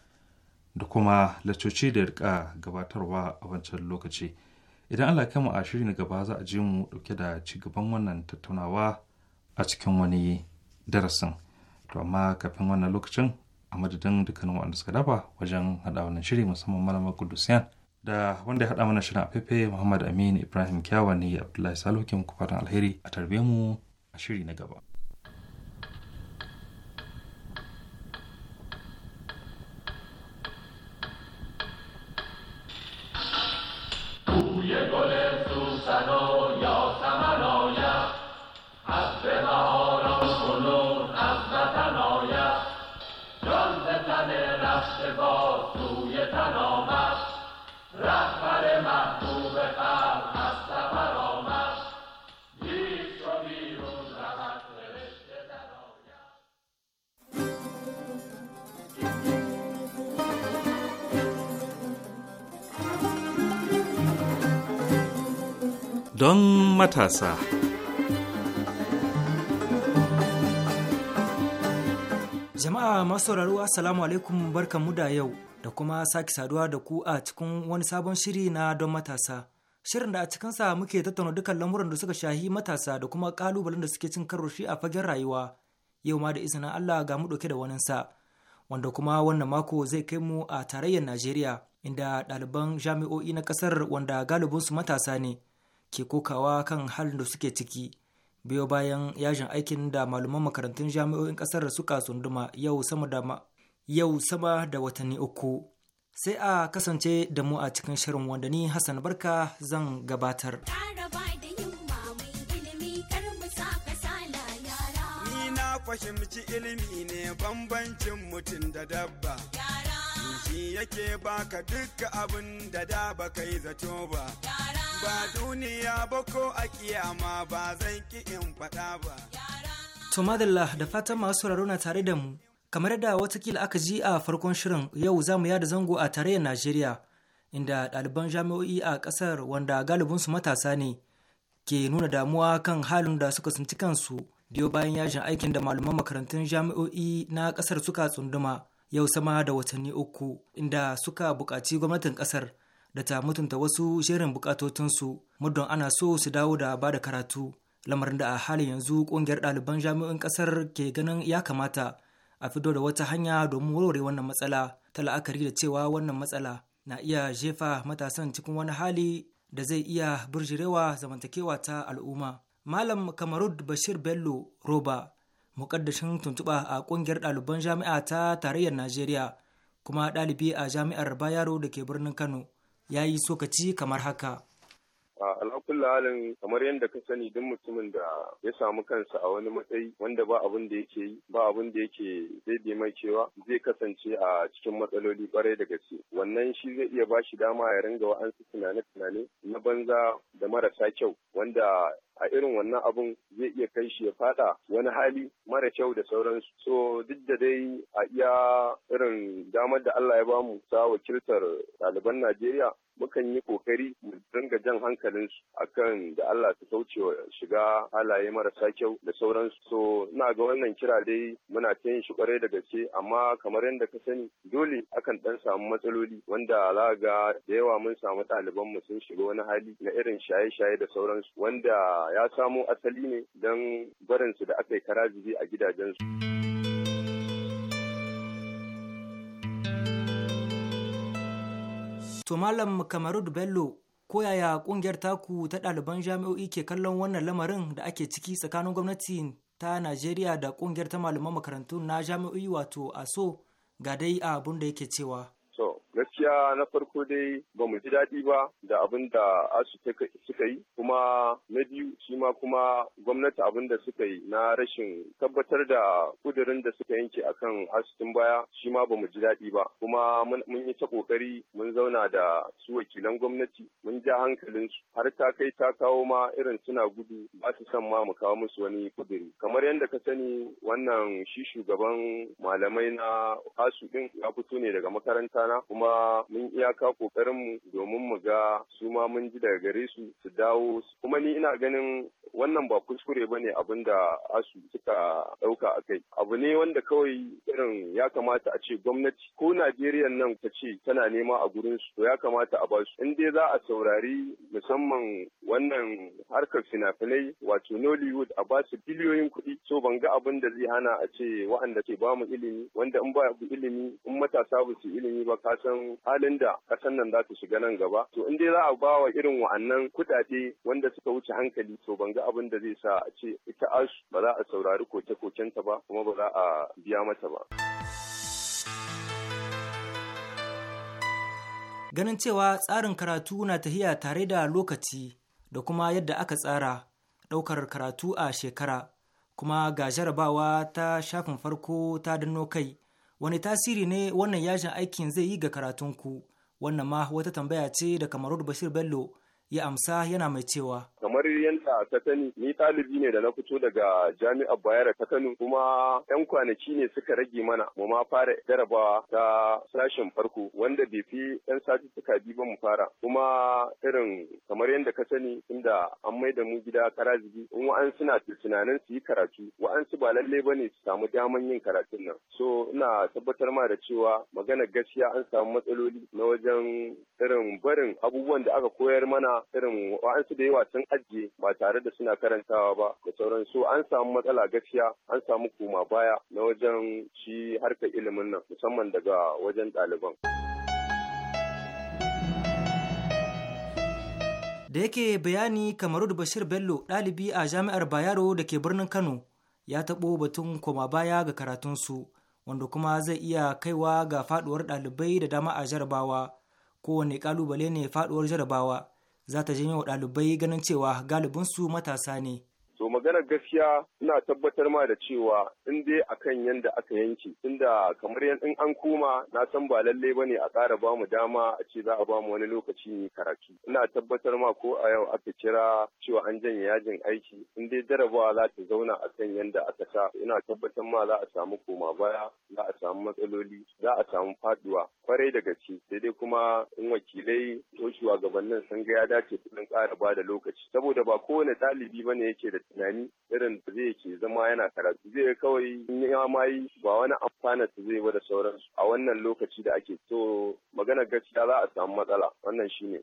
da kuma lacoci da rika gabatarwa a wancan lokaci idan allah kama a shiri na gaba za a je mu dauke da ci gaban wannan tattaunawa a cikin wani darasin to amma kafin wannan lokacin a madadin dukkanin waɗanda suka dafa wajen haɗa wannan shiri musamman malamar kudusiyan da wanda ya haɗa mana shirin afefe muhammad amin ibrahim kyawa ne abdullahi salukin ke alheri a tarbe mu a shiri na gaba. don matasa. Jama'a masu sauraro Assalamu alaikum barkanmu da yau da kuma sake saduwa da ku a cikin wani sabon shiri na don matasa. Shirin da a cikinsa muke tattauna dukkan lamuran da suka shahi matasa da kuma kalubalen da suke cin karo a fagen rayuwa. Yau ma da izinin Allah ga mu ɗauke da sa. Wanda kuma wannan mako zai kai mu a tarayyar Najeriya. inda ɗaliban jami'o'i na ƙasar wanda galibinsu matasa ne ke kokawa kan halin da suke ciki biyo bayan yajin aikin da malaman makarantun jami'o'in kasar suka sunduma yau sama da yau sama da watanni uku sai a kasance da mu a cikin shirin wanda ni hassan barka zan gabatar fahimci ilimi ne bambancin mutum da dabba yara shi yake baka dukkan abin da da baka yi zato ba yara ba duniya ba ko a kiyama ba zan ki in faɗa ba. To madalla da fatan masu sauraro na tare da mu, kamar da watakila aka ji a farkon shirin yau za mu yada zango a tarayyar Najeriya, inda ɗaliban jami'o'i a ƙasar wanda galibinsu matasa ne ke nuna damuwa kan halin da suka tsinci kansu biyo bayan yajin aikin da malaman makarantun jami'o'i na ƙasar suka tsunduma yau sama da watanni uku inda suka buƙaci gwamnatin ƙasar da ta mutunta wasu shirin bukatotinsu muddin ana so su dawo da ba da karatu lamarin da a halin yanzu kungiyar ɗaliban jami'in ƙasar ke ganin ya kamata a fito da wata hanya domin warware wannan matsala ta la'akari da cewa wannan matsala na iya jefa matasan cikin wani hali da zai iya burjirewa zamantakewa ta al'umma malam kamarud bashir bello roba mukaddashin tuntuɓa a ƙungiyar ɗaliban jami'a ta tarayyar najeriya kuma ɗalibi a jami'ar bayero da ke birnin kano ya yi sokaci kamar haka. alakulla halin kamar yadda ka sani duk mutumin da ya samu kansa a wani matsayi wanda ba abin da yake yi ba abin da yake zai mai cewa zai kasance a cikin matsaloli kwarai da gaske wannan shi zai iya ba shi dama ya ringa wa'ansu tunane-tunane na banza da marasa kyau wanda a irin wannan abun zai iya kai shi ya fada wani hali mara kyau da sauransu so duk da dai a iya irin damar da Allah ya bamu ta wakiltar ɗaliban Najeriya mukan yi kokari mu dinga jan hankalin su akan da Allah ta kauce shiga halaye marasa kyau da sauransu so na ga wannan kira dai muna ta yin shi kwarai da gaske amma kamar yadda ka sani dole akan dan samu matsaloli wanda za ga da yawa mun samu ɗaliban mu sun shiga wani hali na irin shaye-shaye da sauransu wanda ya samo asali ne don barinsu da aka yi karazibi a gidajensu. To Malam Kamarud Bello ko yaya kungiyar taku ta ɗaliban jami'o'i ke kallon wannan lamarin da ake ciki tsakanin gwamnati ta Najeriya da kungiyar ta malaman makarantu na jami'o'i wato ASO ga dai abun da yake cewa. gaskiya na farko dai ba mu ji daɗi ba da abin da asu suka yi kuma na biyu shi ma kuma gwamnati abin da suka yi na rashin tabbatar da kudirin da suka yanke a kan asusun baya shi ma ba mu ji daɗi ba kuma mun yi ta kokari mun zauna da su wakilan gwamnati mun ja hankalin su har ta kai ta kawo ma irin suna gudu ba su san ma mu kawo musu wani kudiri kamar yadda ka sani wannan shi shugaban malamai na asu ɗin ya fito ne daga makaranta na kuma mun iyaka kokarin mu domin mu ga su ma mun ji daga gare su su dawo kuma ni ina ganin wannan ba kuskure bane abin da asu suka dauka a kai abu ne wanda kawai irin ya kamata a ce gwamnati ko Najeriya nan ta ce tana nema a gurin su to ya kamata a ba su. in dai za a saurari musamman wannan harkar finafinai wato Nollywood a ba su biliyoyin kuɗi so ban ga abin da zai hana a ce wa'anda ke ba mu ilimi wanda in ba ilimi in matasa ba su ilimi ba ka san halin da kasan nan za ta shiga nan gaba to in dai za a ba wa irin wa'annan kuɗaɗe wanda suka wuce hankali to ban ga abin da zai sa a ce ita ash ba za a saurari koke-kokenta ba kuma ba za a biya mata ba. Ganin cewa tsarin karatu na tahiya tare da lokaci da kuma yadda aka tsara ɗaukar karatu a shekara kuma ga jarabawa ta shafin farko ta danno kai wani tasiri ne wannan yajin aikin zai yi ga karatunku wannan ma wata tambaya ce da kamarud bashir bello ya amsa yana mai cewa. Kamar yadda ta sani ni ɗalibi ne da na fito daga jami'ar Bayero ta Kano kuma 'yan kwanaki ne suka rage mana mu ma fara jarabawa ta sashen farko wanda bai fi 'yan satuttuka biyu ba mu fara kuma irin kamar yadda ka sani inda an maida mu gida karazibi in wa'an suna tunanin su yi karatu wa'ansu ba lallai ba ne su samu daman yin karatun nan so ina tabbatar ma da cewa magana gaskiya an samu matsaloli na wajen irin barin abubuwan da aka koyar mana irin wa'ansu da yawa sun ajiye ba tare da suna karantawa ba da sauran su an samu matsala gaskiya an samu koma baya na wajen shi harkar ilimin nan musamman daga wajen ɗaliban. da yake bayani kamaru da bashir bello ɗalibi a jami'ar bayero da ke birnin kano ya taɓo batun koma baya ga karatunsu wanda kuma zai iya kaiwa ga faɗuwar ɗalibai da dama a jarabawa kowane ƙalubale ne faɗuwar jarabawa za ta janyo wa ɗalibai ganin cewa galibinsu matasa ne So magana gaskiya ina tabbatar ma da cewa in dai akan yanda aka yanke Inda kamar yan in an koma na san ba lalle bane a ƙara ba mu dama a ce za a ba mu wani lokaci ne karatu. Ina tabbatar ma ko a yau aka kira cewa an janye yajin aiki in dai jarabawa za ta zauna a kan yanda aka sa ina tabbatar ma za a samu koma baya za a samu matsaloli za a samu faduwa kwarai da gaske sai dai kuma in wakilai ko shugabannin sun ga ya dace su ƙara ba da lokaci saboda ba kowane ɗalibi bane yake da tunani irin da zai ke zama yana karatu zai kawai ya ma yi ba wani amfana ta zai da sauransu a wannan lokaci da ake so magana gaskiya za a samu matsala wannan shine.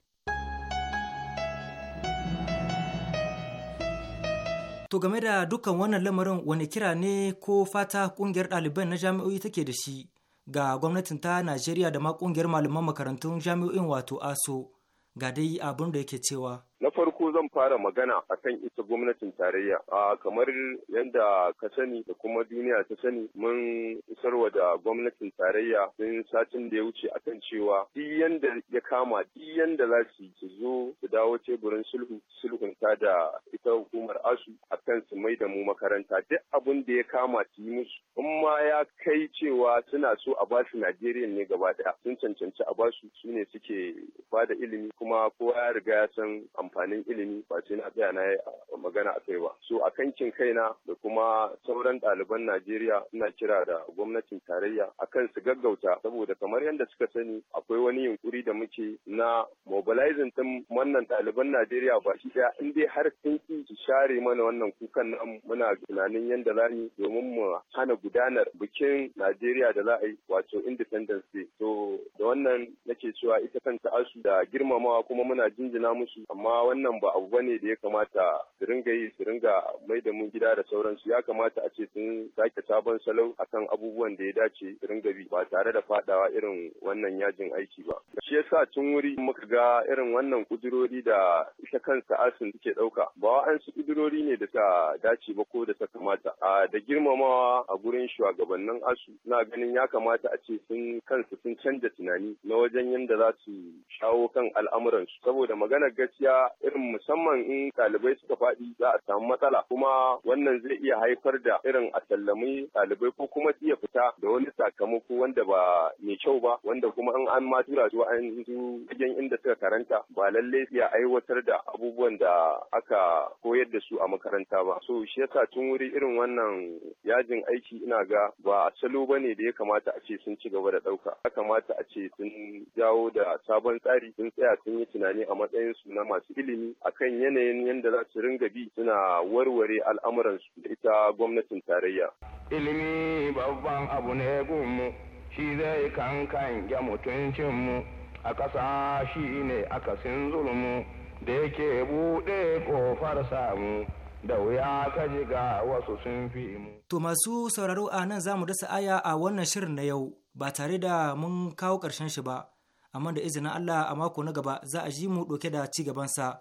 To game da dukkan wannan lamarin wani kira ne ko fata kungiyar ɗaliban na jami'o'i take da shi ga gwamnatin ta Najeriya da ma kungiyar malaman makarantun jami'o'in wato ASO ga dai abin da yake cewa. Na farko zan fara magana akan ita gwamnatin tarayya. A kamar yadda ka sani da kuma duniya ta sani mun isarwa da gwamnatin tarayya sun satin da ya wuce akan cewa duk yadda ya kama duk yadda za su su zo su dawo teburin sulhu sulhunta da ita hukumar asu a kan su mai da mu makaranta duk abin da ya kama su yi musu. In ma ya kai cewa suna so a basu Najeriya ne gaba ɗaya sun cancanci a basu su ne suke bada ilimi kuma kowa ya riga ya san amfanin ilimi ba sai na tsaya na yi magana a kai ba. So a kankin kaina da kuma sauran ɗaliban Najeriya ina kira da gwamnatin tarayya akan su gaggauta saboda kamar yadda suka sani akwai wani yunkuri da muke na mobilizing ɗin wannan ɗaliban Najeriya ba shi ɗaya in dai har sun ki su share mana wannan kukan nan muna tunanin yadda za mu domin mu hana gudanar bikin Najeriya da za a yi wato Independence Day. So da wannan nake cewa ita kanta asu da girmamawa kuma muna jinjina musu amma wannan ba abu bane da ya kamata su ringa yi su ringa mai da mun gida da sauransu ya kamata a ce sun sake sabon salo akan abubuwan da ya dace su ringa bi ba tare da fadawa irin wannan yajin aiki ba shi yasa tun wuri muka ga irin wannan kudurori da ita kansa asin suke dauka ba su kudurori ne da ta dace ba ko da ta kamata a da girmamawa a gurin shugabannin asu na ganin ya kamata a ce sun kansu sun canja tunani na wajen yadda za su shawo kan al'amuransu saboda maganar gaskiya irin musamman in ɗalibai suka faɗi za a samu matsala kuma wannan zai iya haifar da irin a sallami ɗalibai ko kuma iya fita da wani sakamako wanda ba mai kyau ba wanda kuma in an ma tura su an su wajen inda suka karanta ba lalle ya aiwatar da abubuwan da aka koyar da su a makaranta ba so shi yasa tun wuri irin wannan yajin aiki ina ga ba salo ba ne da ya kamata a ce sun ci gaba da ɗauka ya kamata a ce sun jawo da sabon tsari sun tsaya sun yi tunani a matsayin su na masu ilimi akan yanayin yadda za su ringa bi suna warware al'amuransu da ita gwamnatin tarayya. Ilimi babban abu ne gunmu shi zai kankan ya mutuncinmu a ƙasa shi ne akasin zulmu da yake buɗe ƙofar samu. da wuya ka ji ga wasu sun fi mu. To masu sauraro a nan za mu dasa aya a wannan shirin na yau ba tare da mun kawo ƙarshen shi ba. amma da izinin Allah a mako na gaba za a ji mu ɗauke da ci gabansa.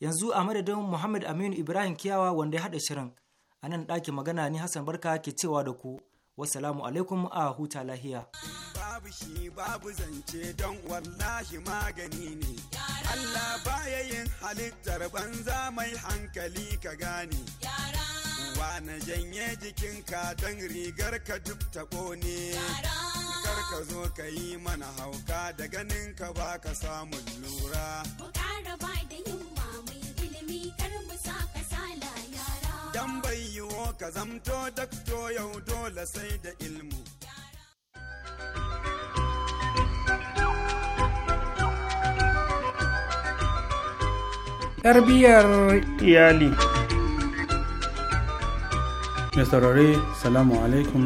Yanzu a madadin Muhammad Aminu Ibrahim Kiyawa wanda ya haɗa shirin, a nan ɗakin magana ni Hassan Barka ke cewa da ku, Wassalamu alaikum a huta lahiya. Babu shi babu zance don wallahi magani ne, Allah baya yin halittar banza mai hankali ka gane. Wa na janye jikinka don rigar ka duk ta ƙone. kar ka zo ka yi mana hauka da ganin ka ba ka samun lura. Mu ƙara ba da yunwa mai yi ilimi kar mu sa kasala yara. Dan bai yiwo ka zamto dakto yau dole sai da ilmu. Tarbiyyar iyali. Mai saurare, salamu alaikum.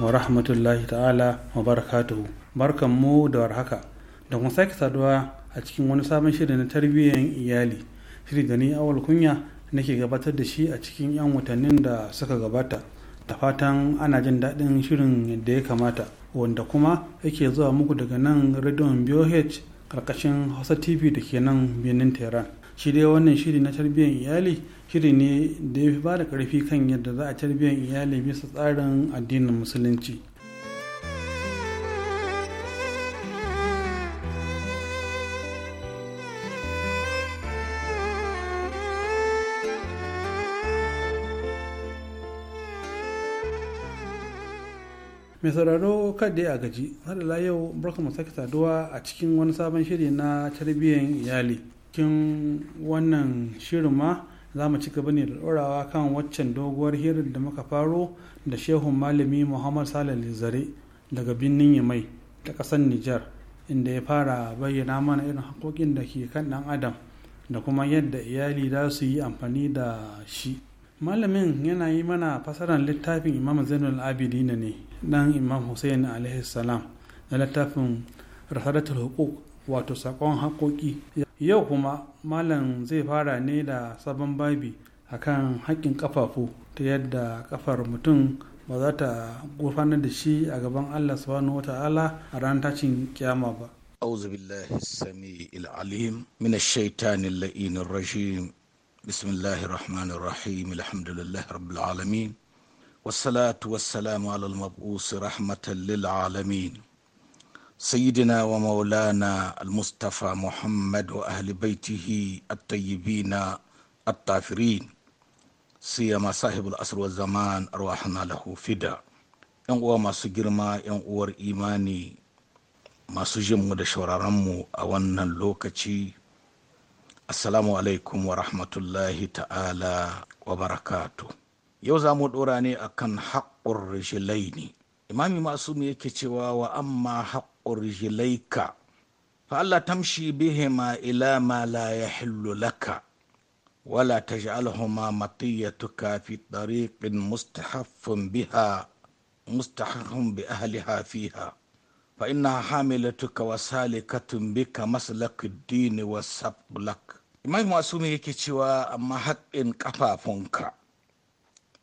wa rahmatullahi ta'ala wa barakatuhu barkan mu da haka da kuma sake saduwa a cikin wani sabon shiri na tarbiyyar iyali shiri da ni awal kunya nake gabatar da shi a cikin 'yan watannin da suka gabata da fatan ana jin daɗin shirin da ya kamata wanda kuma yake zuwa muku daga nan rediyon BOH karkashin Hausa TV da ke nan birnin Tehran shi dai wannan shiri na tarbiyyar iyali shiri ne da ya fi ba da ƙarfi kan yadda za a tarbiyyar iyali bisa tsarin addinin musulunci mai sauraro kada a gaji har yau barka mu sake saduwa a cikin wani sabon shiri na tarbiyyar iyali cikin wannan shirin ma za mu ci gaba ne da ɗorawa kan waccan doguwar hirar da muka faro da shehun malami muhammad salih zare daga birnin yamai ta ƙasar nijar inda ya fara bayyana mana irin haƙoƙin da ke kan ɗan adam da kuma yadda iyali za su yi amfani da shi malamin yana yi mana fasarar littafin imam zainul abidina ne dan imam hussein alaihi salam da littafin rasadatul hukuk wato sakon haƙoƙi yau kuma malam zai fara ne da sabon babi a kan haƙƙin ƙafafu ta yadda ƙafar mutum ba za ta gurfanar da shi a gaban allah subhanahu ta'ala a ranar tashin kyama ba أعوذ بالله السميع العليم من الشيطان اللئين الرجيم بسم الله الرحمن الرحيم الحمد لله رب العالمين والصلاة والسلام على المبعوث رحمة للعالمين wa سيدنا ومولانا المصطفى محمد وأهل بيته الطيبين الطاهرين siya صاحب الأسر والزمان أرواحنا له فدا ‘yan uwa masu girma ‘yan uwar imani masu jin mu da mu a wannan lokaci assalamu alaikum wa rahmatullahi ta'ala wa barakatu yau za mu ɗora ne kan haƙƙun rishilaini imami masu yake cewa wa amma haƙƙun urhilaika fa'alla tamshi bihima ila ma la yahillu laka wala taj'alhuma matiyatuka fi tariqin mustahaffun biha mustahaffun bi ahliha fiha fa inna hamilatuka wa salikatun bika maslak ad-din wa sabbulak imam masumi yake cewa amma haƙƙin ƙafafunka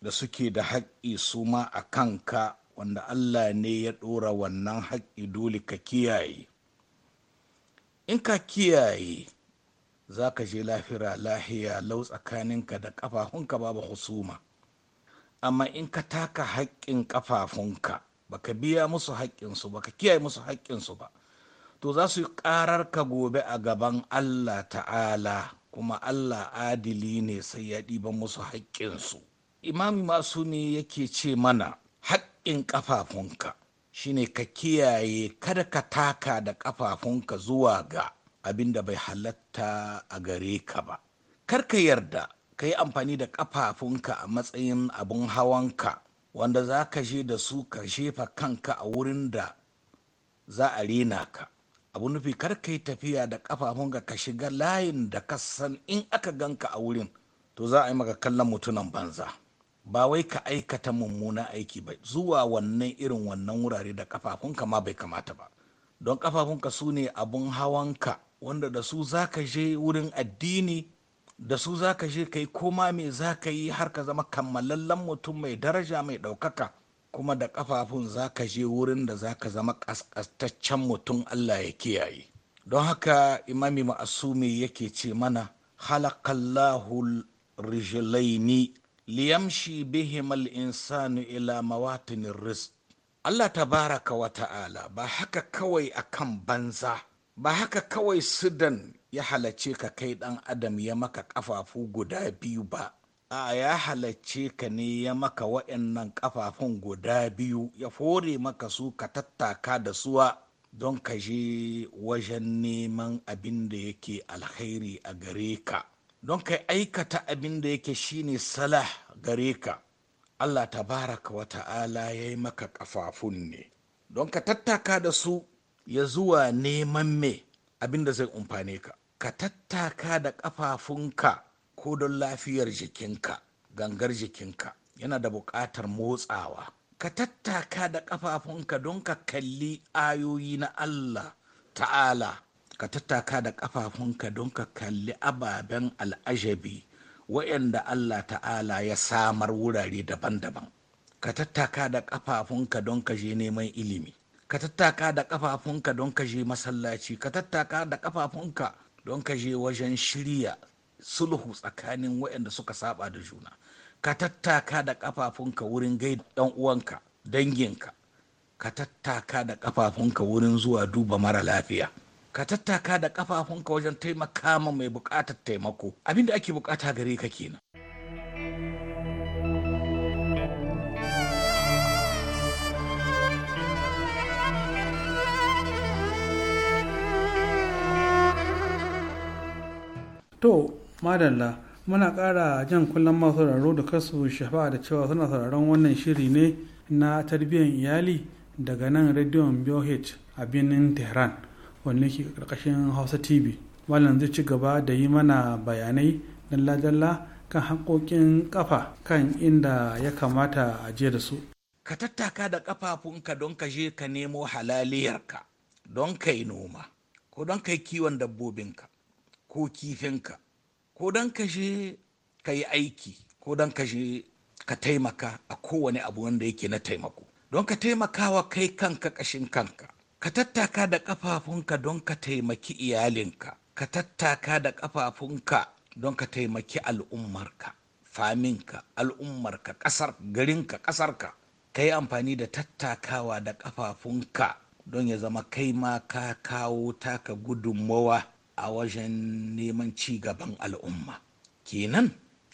da suke da haƙƙi suma ma a kanka wanda allah ne ya ɗora wannan haƙƙi dole ka kiyaye in ka kiyaye za ka je lafira lahiya lau tsakaninka da ƙafafunka babu husuma amma in ka taka haƙƙin ƙafafunka ka biya musu haƙƙinsu ba ka kiyaye musu haƙƙinsu ba to za su yi ƙarar ka gobe a gaban allah ta'ala kuma allah adili ne sai ya ɗiban musu haƙƙinsu imami masu ne yake ce mana in ƙafafunka shine ka kiyaye kada ka taka da ƙafafunka zuwa ga abin da bai halatta a gare ka ba kar ka yarda ka yi amfani da ƙafafunka a matsayin abin hawanka wanda za ka je da su ka shefa kanka a wurin da za a rena ka abu nufi kar ka yi tafiya da ƙafafunka ka shiga layin da ka san in aka ganka a wurin to za a yi maka kallon mutunan banza ba wai ka aikata mummuna aiki ba zuwa wannan irin wannan wurare da kafafunka ma bai kamata ba don kafafunka su ne abun hawanka wanda da su za ka je wurin addini da su za ka je ka yi koma mai za ka yi har ka zama kammalallen mutum mai daraja mai ɗaukaka kuma da kafafun za ka je wurin da za ka zama ƙasƙastaccen mutum allah ya kiyaye don haka imami ma'asumi yake ce mana halakallahu rijilaini liyamshi bihimal insanu ila mawatinin ris Allah Ta baraka wa ta'ala ba haka kawai akan banza ba haka kawai sidan ya halarce ka kai ɗan adam ya maka ƙafafu guda biyu ba a ya halarce ka ne ya maka waɗannan ƙafafun guda biyu ya fore maka su ka tattaka da suwa don ka je wajen neman abin da yake alkhairi a gare ka don ka aikata abin da yake shine salah gare ka allah tabaraka wa ta'ala ya yi maka kafafun ne don ka tattaka da su ya zuwa neman me abin da zai umfane ka ka tattaka da kafafunka ko don lafiyar jikinka gangar jikinka yana da buƙatar motsawa ka tattaka da kafafunka don ka kalli ayoyi na allah ta'ala ka tattaka da kafafunka don ka kalli ababen al'ajabi wa'yanda Allah ta'ala ya samar wurare daban-daban ka tattaka da kafafunka don ka je neman ilimi ka tattaka da kafafunka don ka je masallaci ka tattaka da kafafunka don ka je wajen shirya sulhu tsakanin waɗanda suka saba da juna ka tattaka da kafafunka wurin gai dan uwanka danginka ka tattaka da kafafunka wurin zuwa duba mara lafiya ka tattaka da kafafunka wajen taimaka ma mai bukatar taimako abinda ake bukata gare ka kenan to madalla muna ƙara jan kullum masu sauraro da kasu shafa da cewa suna sauraron wannan shiri ne na tarbiyyar iyali daga nan rediyon BOH a birnin tehran wanda ke karkashin hausa tv wannan zai ci gaba da yi mana bayanai dalla-dalla kan hankokin kafa kan inda ya kamata a je da su ka tattaka da kafafunka don ka je ka nemo halaliyarka don ka yi noma ko don ka yi kiwon dabbobinka ko kifinka ko don ka je ka yi aiki ko don ka je ka taimaka a kowane abu wanda yake na taimako don ka taimakawa kai kanka ƙashin kanka ka tattaka da kafafunka don ka taimaki iyalinka ka tattaka da kafafunka don ka taimaki al'ummarka faminka al'ummarka ƙasar garinka ƙasarka ka yi amfani da tattakawa da kafafunka don ya zama kai ma ka kawo taka gudunmawa a wajen neman ci gaban al'umma kenan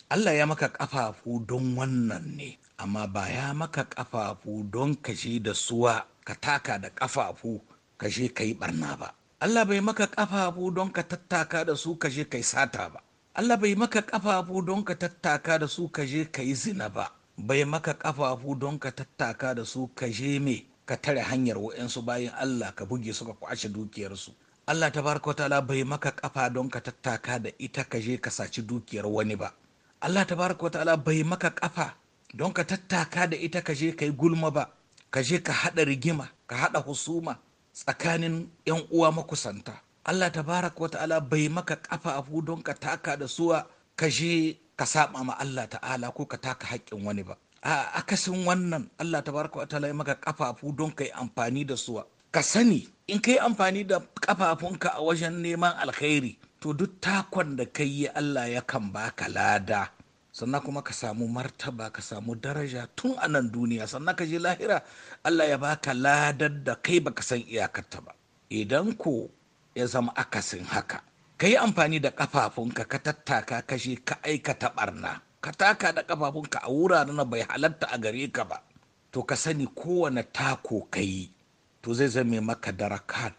allah ya maka kafafu don wannan ne amma ba ya maka kafafu don ka da suwa ka taka da ƙafafu ka je ka yi barna ba Allah bai maka ƙafafu don ka tattaka da su ka je ka yi sata ba Allah bai maka ƙafafu don ka tattaka da su ka je ka yi zina ba bai maka ƙafafu don ka tattaka da su ka je me ka tare hanyar wa'insu bayan Allah ka buge su ka kwashe dukiyarsu Allah ta ta'ala bai maka ƙafa don ka tattaka da ita ka je ka saci dukiyar wani ba Allah ta ta'ala bai maka ƙafa don ka tattaka da ita ka je ka yi gulma ba ka je ka haɗa rigima ka haɗa husuma tsakanin 'yan uwa makusanta Allah tabaraka wata'ala bai maka kafa abu don ka taka da suwa ka je ka saba ma Allah ta'ala ko ka taka haƙƙin wani ba a akasin wannan Allah tabaraka wata'ala ya maka kafa abu don ka yi amfani da suwa ka sani in ka yi amfani da kafafunka a wajen neman alkhairi to duk takon da ka yi Allah ya yakan baka lada sannan kuma ka samu martaba ka samu daraja tun a nan duniya sannan ka je lahira Allah ya baka ladar da kai baka san iyakarta ba idan ko ya zama akasin haka ka yi amfani da kafafunka ka tattaka ka je ka aikata barna ka taka da kafafunka a wuraren bai halatta a gare ka ba to ka sani kowane tako ka yi to zai zame maka darakat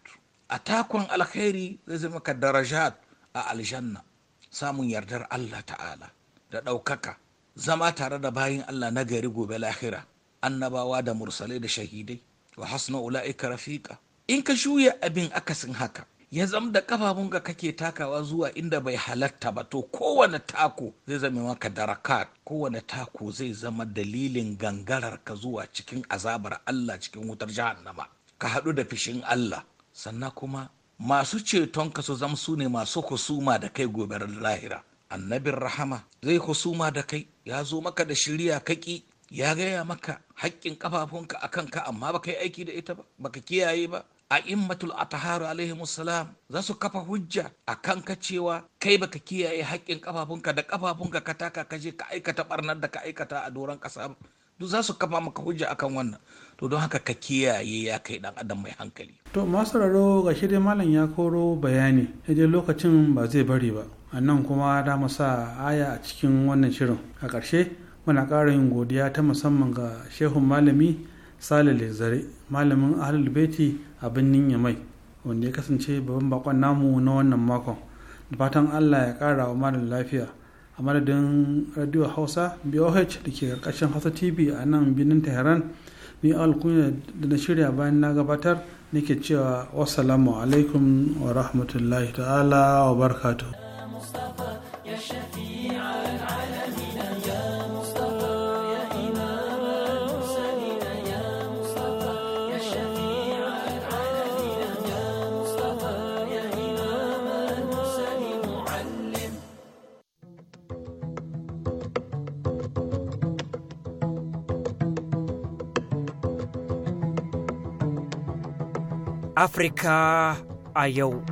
a takon alkhairi zai zame maka darajat a aljanna samun yardar Allah ta'ala da ɗaukaka zama tare da bayin Allah na gari gobe lahira annabawa da mursalai da shahidai wa hasna ula'ika rafiqa in ka shuya abin akasin haka ya zama da ƙafafunka kake takawa zuwa inda bai halatta ba to kowane tako zai zama maka darakat kowane tako zai zama dalilin gangarar ka zuwa cikin azabar Allah cikin wutar jahannama ka haɗu da fishin Allah sannan kuma masu ceton ka su zama su ne masu husuma da kai gobe lahira annabin rahama zai husuma da kai ya zo maka da shirya kaki ya gaya maka haƙƙin ƙafafunka a kanka amma baka yi aiki da ita ba baka kiyaye ba a immatul taharu alaihi salam za su kafa hujja a kanka cewa kai baka kiyaye haƙƙin kafafunka da kafafunka ka taka ka je ka aikata barnar da ka aikata a doron ƙasa duk za su kafa maka hujja a kan wannan to don haka ka kiyaye ya kai ɗan adam mai hankali to raro ga shirin malam ya koro bayani ya lokacin ba zai bari ba annan kuma da mu sa aya a cikin wannan shirin a ƙarshe muna ƙara yin godiya ta musamman ga shehun malami sale lezare malamin ahlul beti a birnin yamai wanda ya kasance babban bakon namu na wannan makon da fatan allah ya ƙara wa malam lafiya a madadin radio hausa boh da ke ƙarƙashin hausa tv a nan birnin tehran ni alkunya da na shirya bayan na gabatar nake cewa wassalamu alaikum wa rahmatullahi ta'ala wa barkatu. Afrika a yau.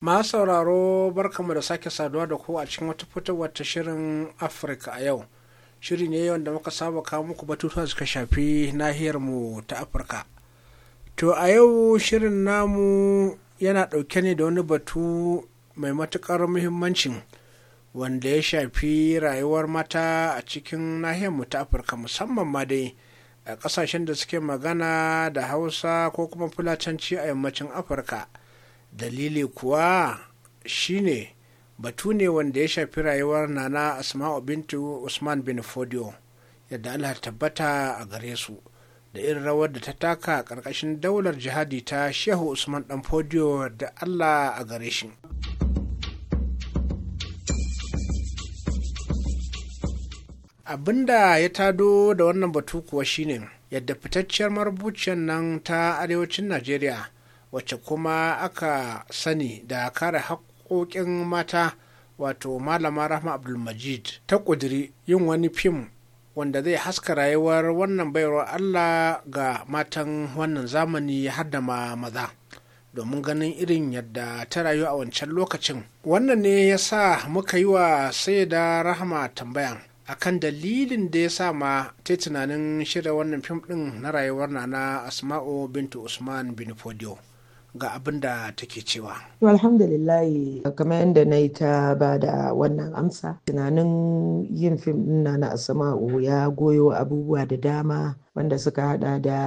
Ma sauraro barkamu da sake saduwa da ku a cikin wata fitowar ta shirin Afirka a yau. Shiri ne wanda muka saba kawo muku batutuwa suka shafi nahiyarmu ta Afirka. To a yau shirin namu yana ɗauke ne da wani batu mai matuƙar muhimmancin wanda ya shafi rayuwar mata a cikin nahiyarmu ta Afirka musamman ma dai. a ƙasashen da suke magana da hausa ko kuma fulatanci a yammacin afirka dalili kuwa shine batu ne wanda ya shafi rayuwar nana asma'u bintu usman bin fodio yadda allah tabbata a gare su da irin rawar da ta taka a ƙarƙashin daular jihadi ta shehu usman dan fodio da allah a gare shi. abin da ya tado da wannan batu kuwa shine yadda fitacciyar marubuciyar nan ta arewacin najeriya wacce kuma aka sani da kare haƙoƙin mata wato malama rahma abdulmajid ta ƙudiri yin wani fim wanda zai haska rayuwar wannan baiwar allah ga matan wannan zamani har da ma maza domin ganin irin yadda ta rayu a wancan lokacin wannan ne ya sa muka yi wa sai da rahama tambayan. akan dalilin da ya sa ma ta tunanin shirya wannan fim ɗin na rayuwar nana asma'u bintu usman bin fodio ga abin da take cewa. Alhamdulillah kamar yadda na yi ta ba da wannan amsa tunanin yin fim ɗin na Asma'u ya goyo abubuwa da dama wanda suka hada da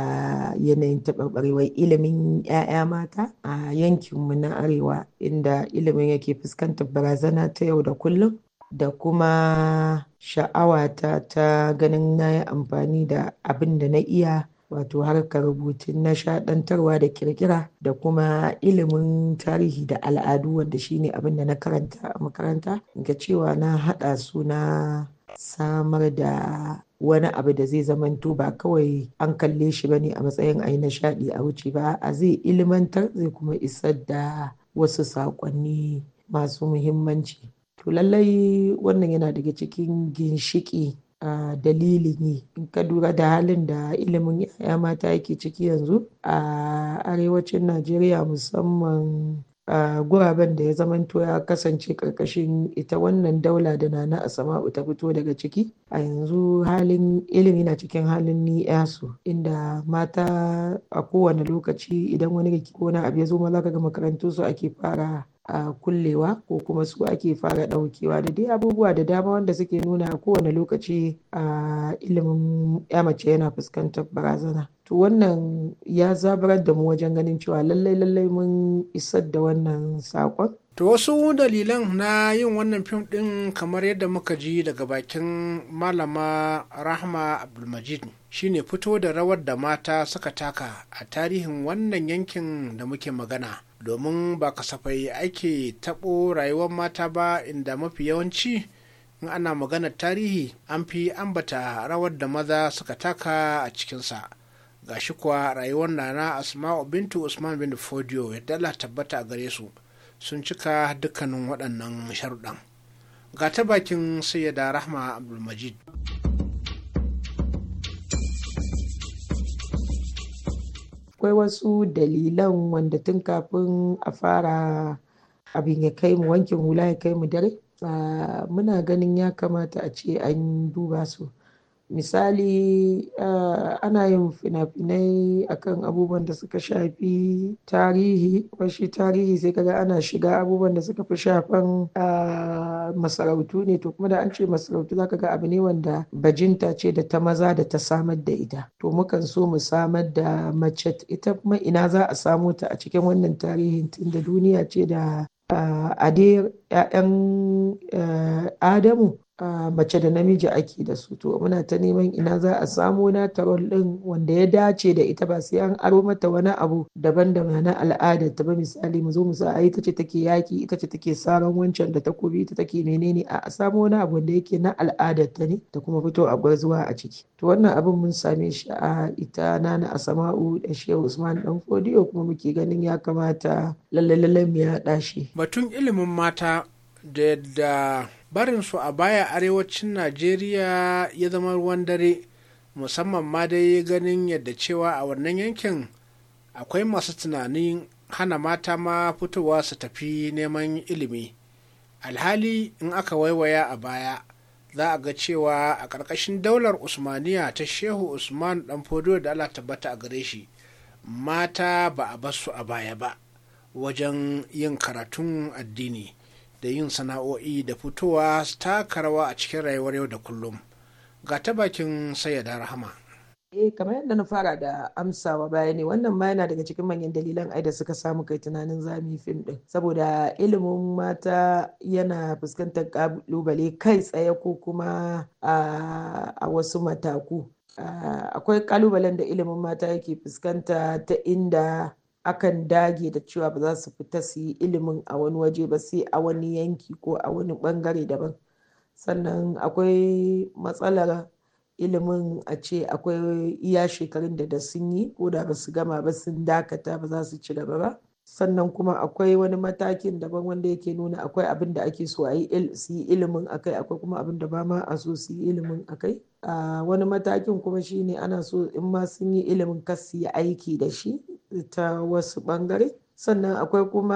yanayin taɓarɓarewar ilimin 'ya'ya mata a yankinmu na arewa inda ilimin yake fuskantar barazana ta yau da kullum da kuma sha'awata ta ganin na yi amfani da abin da na iya wato harkar rubutun nishaɗantarwa da kirkira da kuma ilimin tarihi da al'adu wanda shine abin da na karanta a makaranta ga cewa na haɗa su na samar da wani abu da zai zamanto ba kawai an kalle shi ba ne a matsayin ayi nishaɗi a wuce ba a zai ilimantar zai kuma isar da wasu saƙonni masu muhimmanci to lallai wannan yana daga cikin ginshiki a dalilin yi in ka lura da halin da ilimin ya mata yake ciki yanzu a arewacin najeriya musamman a guraben da ya zamanto ya kasance karkashin ita wannan daula da nana asama'u ta fito daga ciki a yanzu halin ilimi na cikin halin ni yasu inda mata a kowane lokaci idan wani rikiko na abu ya zo maza ga makarantu su ake fara a kullewa ko kuma su ake fara ɗaukewa da dai abubuwa da dama wanda suke nuna a kowane lokaci a ilimin ya mace yana fuskantar barazana to wannan ya zabarar da mu wajen ganin cewa lallai lallai mun isar da wannan saƙon to wasu dalilan na yin wannan fim ɗin kamar yadda muka ji daga bakin malama rahma abdulmajid shine fito da rawar da mata suka taka a tarihin wannan yankin da muke magana domin ba kasafai ake taɓo rayuwar mata ba inda mafi yawanci in ana maganar tarihi an fi ambata rawar da maza suka taka a cikinsa gashi kuwa rayuwar nana asma'u bintu usman bin fodio yadda tabbata a gare su sun cika dukkanin waɗannan sharuɗan ga ta bakin sayyada rahma abdulmajid akwai wasu dalilan wanda tun kafin a fara abin ya kai mu wankin hula ya kai mu dare muna ganin ya kamata a ce an duba su misali uh, ana yin fina-finai akan abubuwan da suka shafi tarihi shi tarihi sai kaga ana shiga abubuwan da suka fi shafan uh, masarautu ne to kuma da an ce masarautu ka ga abu ne wanda bajinta ce da ta maza da ta samar da ita to mukan so mu samar da mace ita kuma ina za a samo ta a cikin wannan tarihin tunda duniya ce da uh, eh, ade 'ya'yan adamu mace da namiji ake da su to muna ta neman ina za a samo na taron din wanda ya dace da ita ba sai an aro mata wani abu daban da na al'ada ta ba misali mu zo mu sa ita ce take yaki ita ce take saran wancan da takobi ita take menene a samo wani abu wanda yake na al'ada ta ne ta kuma fito a gwarzuwa a ciki to wannan abin mun same shi a ita nana asama'u da shehu usman dan fodiyo kuma muke ganin ya kamata lalle lalle mu yaɗa shi batun ilimin mata da yadda barin su a baya arewacin najeriya ya zama ruwan dare musamman ma dai ganin yadda cewa a wannan yankin akwai masu tunanin hana mata ma fitowa su tafi neman ilimi alhali in aka waiwaya a baya za a ga cewa a ƙarƙashin daular usmaniya ta shehu usman dan fodo da allah tabbata a gare shi mata ba a basu a baya ba wajen yin karatun addini da yin sana'o'i da fitowa taka rawa a cikin rayuwar yau da kullum ga ta bakin sayyada rahama eh kamar yadda na fara da amsawa baya ne wannan ma yana daga cikin manyan dalilan ai da suka samu kai tunanin zami fim din saboda ilimin mata yana fuskantar kalubale kai tsaye ko kuma a wasu mataku akwai kalubalen da ilimin mata yake fuskanta ta inda akan dage da cewa ba za su fita su yi ilimin a wani waje ba sai a wani yanki ko a wani bangare daban sannan akwai matsalar ilimin a ce akwai iya shekarun da da sun yi ko da ba su gama ba sun dakata ba za su ci gaba ba sannan kuma akwai wani matakin daban wanda yake nuna akwai abin da ake so a yi ilimin akai akwai kuma abin da ba ma a so su yi ilimin akai Ah, wani matakin kuma shine ana so in ma sun yi ilimin kas yi aiki da shi ta wasu bangare sannan akwai kuma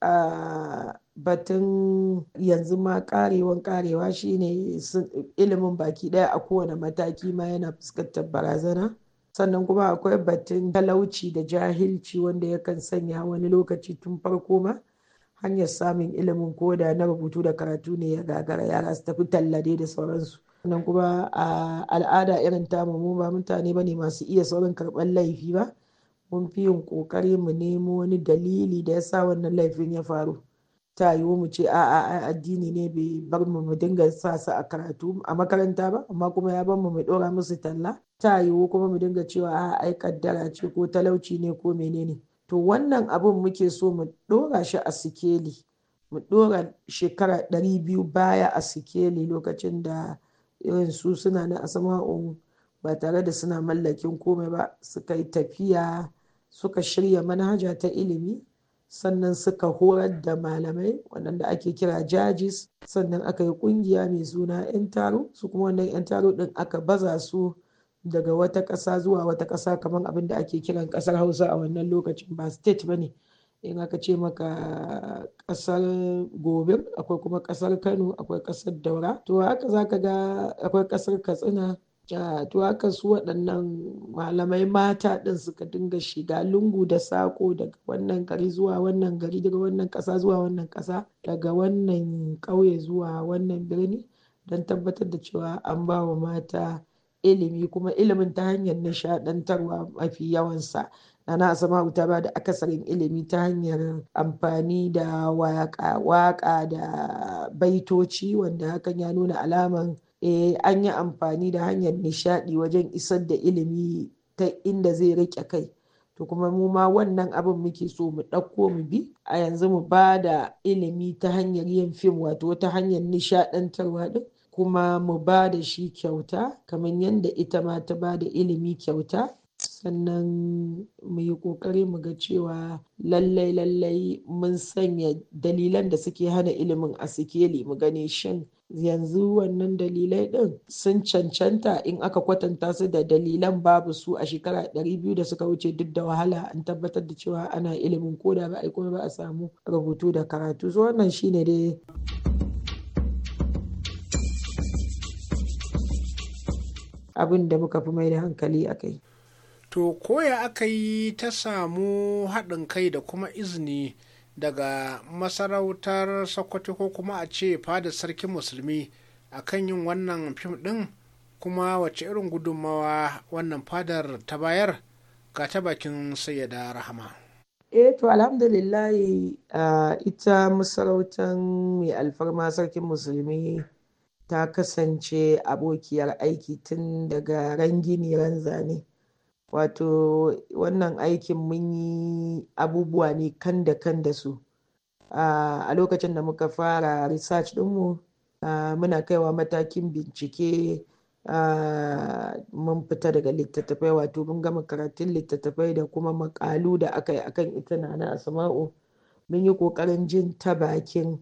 a ah, batun yanzu ma karewan karewa shine ilimin baki ɗaya a kowane mataki ma yana fuskantar barazana sannan kuma akwai batun talauci da jahilci wanda yakan sanya wani lokaci tun farko ma hanyar samun ilimin koda na rubutu da karatu ne ya gagara yara su tafi tallade da sauransu sannan kuma a al'ada irin tamu mu ba mutane ba ne masu iya saurin karɓar laifi ba mun fi yin ƙoƙari mu nemo wani dalili da ya sa wannan laifin ya faru ta yiwu mu ce a'a addini ne bai bar mu mu dinga sa su a karatu a makaranta ba amma kuma ya bar mu mu ɗora musu talla ta yiwu kuma mu dinga cewa a'a ai kaddara ce ko talauci ne ko menene to wannan abun muke so mu ɗora shi a sikeli mu ɗora shekara ɗari biyu baya a sikeli lokacin da irin su suna na asama'un ba tare da suna mallakin komai ba suka yi tafiya suka shirya manhaja ta ilimi sannan suka horar da malamai waɗanda ake kira jajis sannan aka yi ƙungiya mai suna 'yan taro su kuma wannan 'yan taro ɗin aka baza su daga wata ƙasa zuwa wata ƙasa kamar abin da ake kiran ƙasar hausa a wannan lokacin ba state ba ne in aka ce maka kasar gobir akwai kuma kasar kano akwai kasar daura to haka zaka ga akwai kasar katsina ah, to haka su waɗannan malamai mata ɗin suka dinga shiga lungu da sako daga wannan gari zuwa wannan gari daga wannan ƙasa zuwa wannan ƙasa daga wannan ƙauye zuwa wannan birni don tabbatar da cewa an ba wa mata ilimi kuma ilimin ta hanyar nishaɗantarwa mafi yawansa Ana zama wuta ba da akasarin ilimi ta hanyar amfani da waƙa da baitoci wanda hakan ya nuna alaman eh, an yi amfani da hanyar nishaɗi wajen isar da ilimi ta inda zai riƙe kai. to kuma mu ma wannan abin muke so mu ɗauko mu bi a yanzu mu ba da ilimi ta hanyar yin fim wato Ta hanyar nishaɗantarwa ɗin kuma mu ba da shi kyauta kamar yadda ita ma ta ba da ilimi kyauta sannan mu yi ƙoƙari mu ga cewa lallai lallai mun sanya dalilan da suke hana ilimin a sikeli mu gane shin yanzu wannan dalilai ɗin sun cancanta in aka kwatanta su da dalilan babu su a shekara 200 da suka wuce duk da wahala an tabbatar da cewa ana ilimin ko da ba a kuma ba a samu rubutu da karatu so wannan shine dai abin da muka fi mai da hankali a kai to koya aka yi ta samu haɗin kai da kuma izini daga masarautar sokoto ko kuma a ce fada sarkin musulmi a kan yin wannan fim ɗin kuma wace irin gudunmawa wannan fadar ta bayar ga ta bakin sayyada rahama eh to alhamdulillah uh, ita masarautar mai alfarma sarkin musulmi ta kasance abokiyar aiki tun daga rangini ran zane wato wannan aikin mun yi abubuwa ne kan da kan da su a lokacin da muka fara research mu, muna kaiwa matakin bincike mun fita daga littattafai wato mun gama karatun littattafai da kuma maƙalu da aka yi akan ita na asma'u mun yi ƙoƙarin jin ta bakin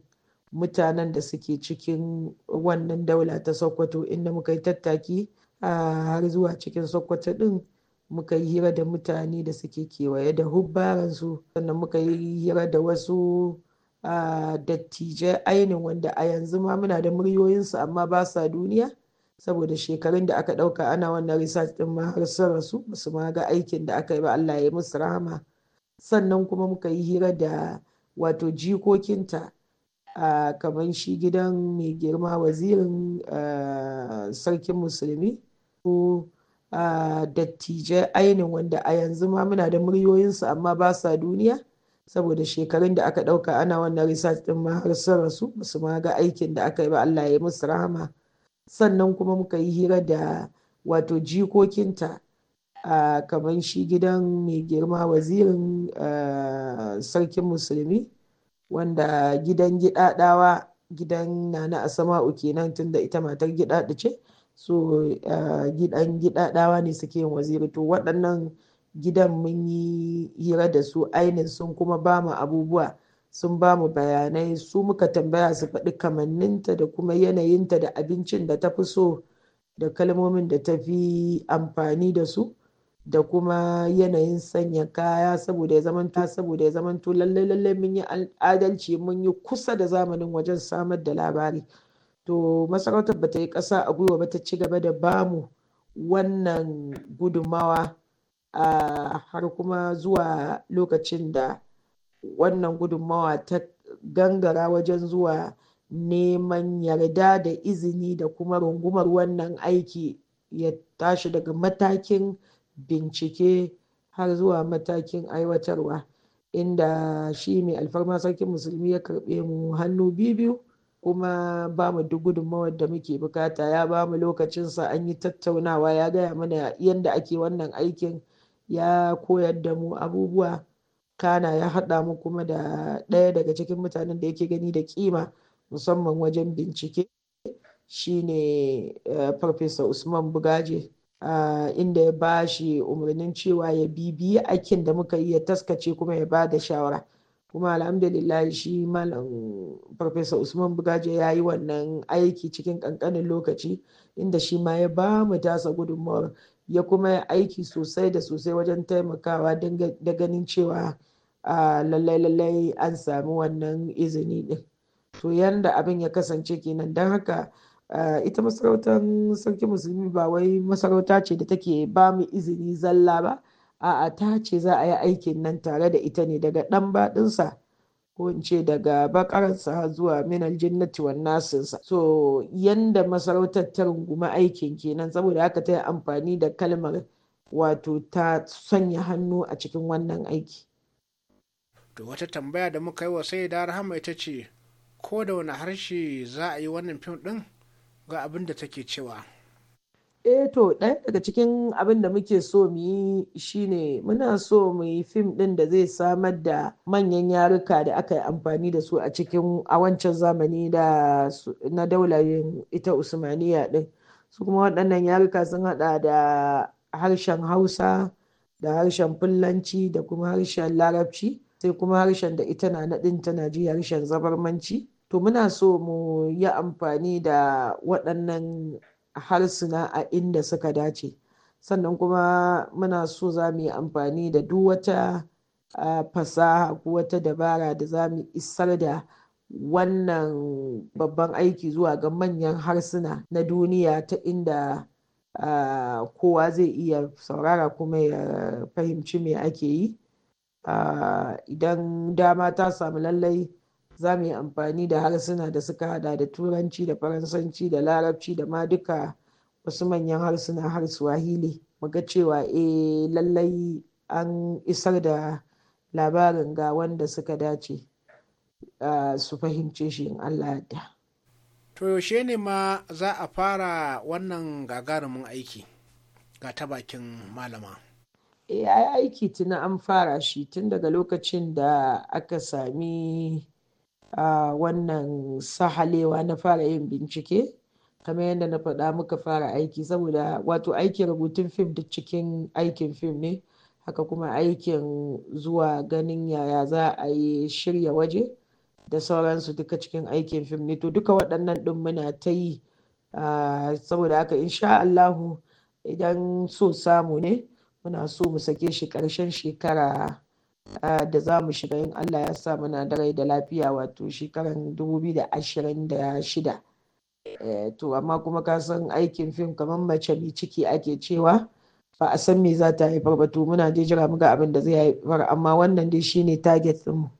mutanen da suke cikin wannan daula ta sokoto inda muka yi tattaki har zuwa cikin sokoto din muka yi hira da mutane da suke kewaye da hubbaransu sannan muka yi hira da wasu dattijai ainihin wanda a yanzu ma muna da muryoyinsu amma ba sa duniya saboda shekarun da aka ɗauka ana wannan research ɗin ma har sun rasu ba su ma ga aikin da aka yi ba Allah ya yi musu rahama sannan kuma muka yi hira da wato jikokinta a kamar shi gidan mai girma wazirin sarkin musulmi ko. dattijai ainihin wanda a yanzu ma muna da muryoyinsu amma ba sa duniya saboda shekarun da aka ɗauka ana wannan research ɗin ma har sun rasu basu su ma ga aikin da aka yi ba Allah ya musu rahama sannan kuma muka yi hira da wato jikokinta a kamar shi gidan mai girma wazirin sarkin musulmi wanda gidan gidaɗawa gidan nana asama'u kenan tunda ita matar gidaɗa ce so gidan gidadawa ne suke yin waziri to waɗannan gidan mun yi hira da su ainihin sun kuma ba mu abubuwa sun ba mu bayanai su muka tambaya su faɗi kamanninta da kuma yanayinta da abincin da ta fi so da kalmomin da ta fi amfani da su da kuma yanayin sanya kaya saboda ya zamanta saboda ya zamanto lallai lallai mun yi adalci mun yi kusa da zamanin wajen samar da labari to masarautar ba ta yi ƙasa a gwiwa ba ta ci gaba da bamu wannan gudunmawa har kuma zuwa lokacin da wannan gudunmawa ta gangara wajen zuwa neman yarda da izini da kuma rungumar wannan aiki ya tashi daga matakin bincike har zuwa matakin aiwatarwa inda shi mai alfarma sarkin musulmi ya karbe mu hannu biyu biyu kuma ba mu duk gudunmawar da muke bukata ya ba mu lokacinsa an yi tattaunawa ya gaya mana yadda ake wannan aikin ya koyar da mu abubuwa kana ya haɗa mu kuma da ɗaya daga cikin mutanen da yake gani da kima musamman wajen bincike shine farfesa eh, usman bugaje ah, inda ya ba shi umarnin cewa ya bibiyi aikin da muka yi ya taskace kuma ya ba da shawara kuma alhamdulillah shi malam farfesa usman bugaje ya yi wannan aiki cikin kankanin lokaci inda shi ma ya ba mu tasa gudunmawar ya kuma aiki sosai da sosai wajen taimakawa da ganin cewa lallai-lallai an sami wannan izini din to yanda abin ya kasance kenan don haka ita masarautar sarki musulmi ba wai masarauta ce da take ba mu izini zalla ba a'a ta ce za a yi aikin nan tare da ita ne daga ɗan baɗinsa ko in ce daga bakararsa zuwa minal jinnati wan nasinsa so yanda masarautar ta runguma aikin kenan saboda haka ta yi amfani da kalmar wato ta sanya hannu a cikin wannan aiki to wata tambaya da muka yi wa sai da rahama ita ce ko da wani harshe za a yi wannan fim din ga abin da take cewa Eh to ɗaya daga cikin abin da muke so mu yi shine muna so mu yi fim ɗin da zai samar da manyan yaruka da aka yi amfani da su a cikin a wancan zamani da na daular ita Usmaniya ɗin. Su kuma waɗannan yaruka sun haɗa da harshen Hausa da harshen Fulanci da kuma harshen Larabci sai kuma harshen da ita na naɗin ta ji harshen Zabarmanci. To muna so mu yi amfani da waɗannan harsuna a inda suka dace sannan kuma muna so za mu yi amfani da duk wata fasaha ko wata dabara da za mu isar da wannan babban aiki zuwa ga manyan harsuna na duniya ta inda kowa zai iya saurara kuma ya fahimci me ake yi idan dama ta samu lallai za mu yi amfani da harsuna da suka hada da turanci da faransanci da larabci da ma duka wasu manyan harsuna har swahili muga cewa eh lallai an isar da labarin ga wanda suka dace su fahimce shi in allah yadda to yaushe ne ma za a fara wannan gagarumin aiki ga ta bakin malama eh, ai aiki tuna an fara shi tun daga lokacin da aka sami a wannan sahalewa na fara yin bincike kamar yadda na faɗa muka fara aiki saboda wato aikin rubutun fim da cikin aikin fim ne haka kuma aikin zuwa ganin yaya za a yi shirya waje da sauransu duka cikin aikin fim ne to duka waɗannan ɗin muna ta yi saboda haka insha Allahu idan so samu ne muna so mu sake shi ƙarshen shekara Eh, da za mu shiga in Allah ya sa muna da rai da lafiya wato shekaran 2026 eh, to amma kuma ka san aikin fim kamar mace mai ciki ake cewa ba a san me za ta haifar ba to muna je jira muga abin da zai haifar amma wannan dai shine target mu.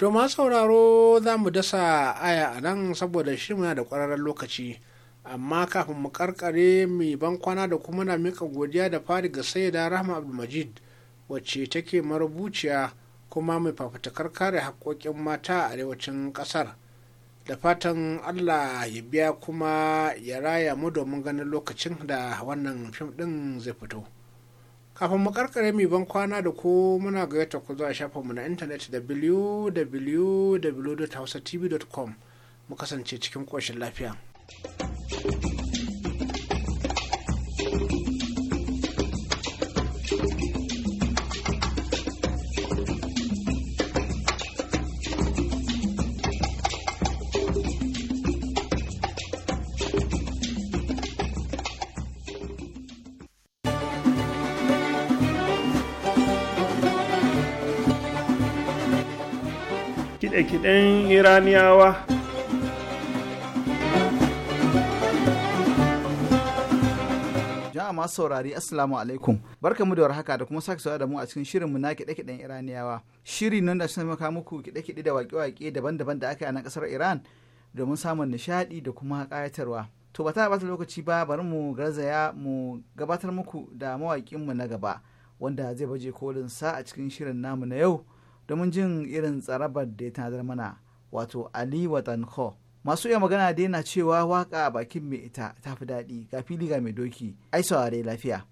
To ma sauraro za mu dasa aya a nan saboda shi muna da ƙwararren lokaci amma kafin mu karkare mai ban kwana da kuma na mika godiya da fari ga sayyida rahma abdulmajid wacce take marubuciya kuma mai fafutukar kare haƙoƙin mata a arewacin ƙasar da fatan allah ya biya kuma ya raya mu domin ganin lokacin da wannan fim ɗin zai fito kafin mu karkare mai ban kwana da ko muna gayyata ku zuwa mu na intanet www.hausatv.com mu kasance cikin koshin lafiya. kiɗe-kiɗen iraniyawa masu saurari assalamu alaikum mu da warhaka da kuma sake saurara da mu a cikin shirinmu na kiɗe-kiɗen iraniyawa shiri nan da sun maka muku kiɗe-kiɗe da waƙe-waƙe daban-daban da aka yi a nan ƙasar iran domin samun nishaɗi da kuma kayatarwa to ba ta ɓata lokaci ba bari mu garzaya mu gabatar muku da mu na gaba wanda zai baje kolin sa a cikin shirin namu na yau domin jin irin tsarabar da ya tanadar mana wato ali watan masu iya magana daina yana cewa waka a bakin mai ita ta fi daɗi ga fili ga mai doki ai saurare lafiya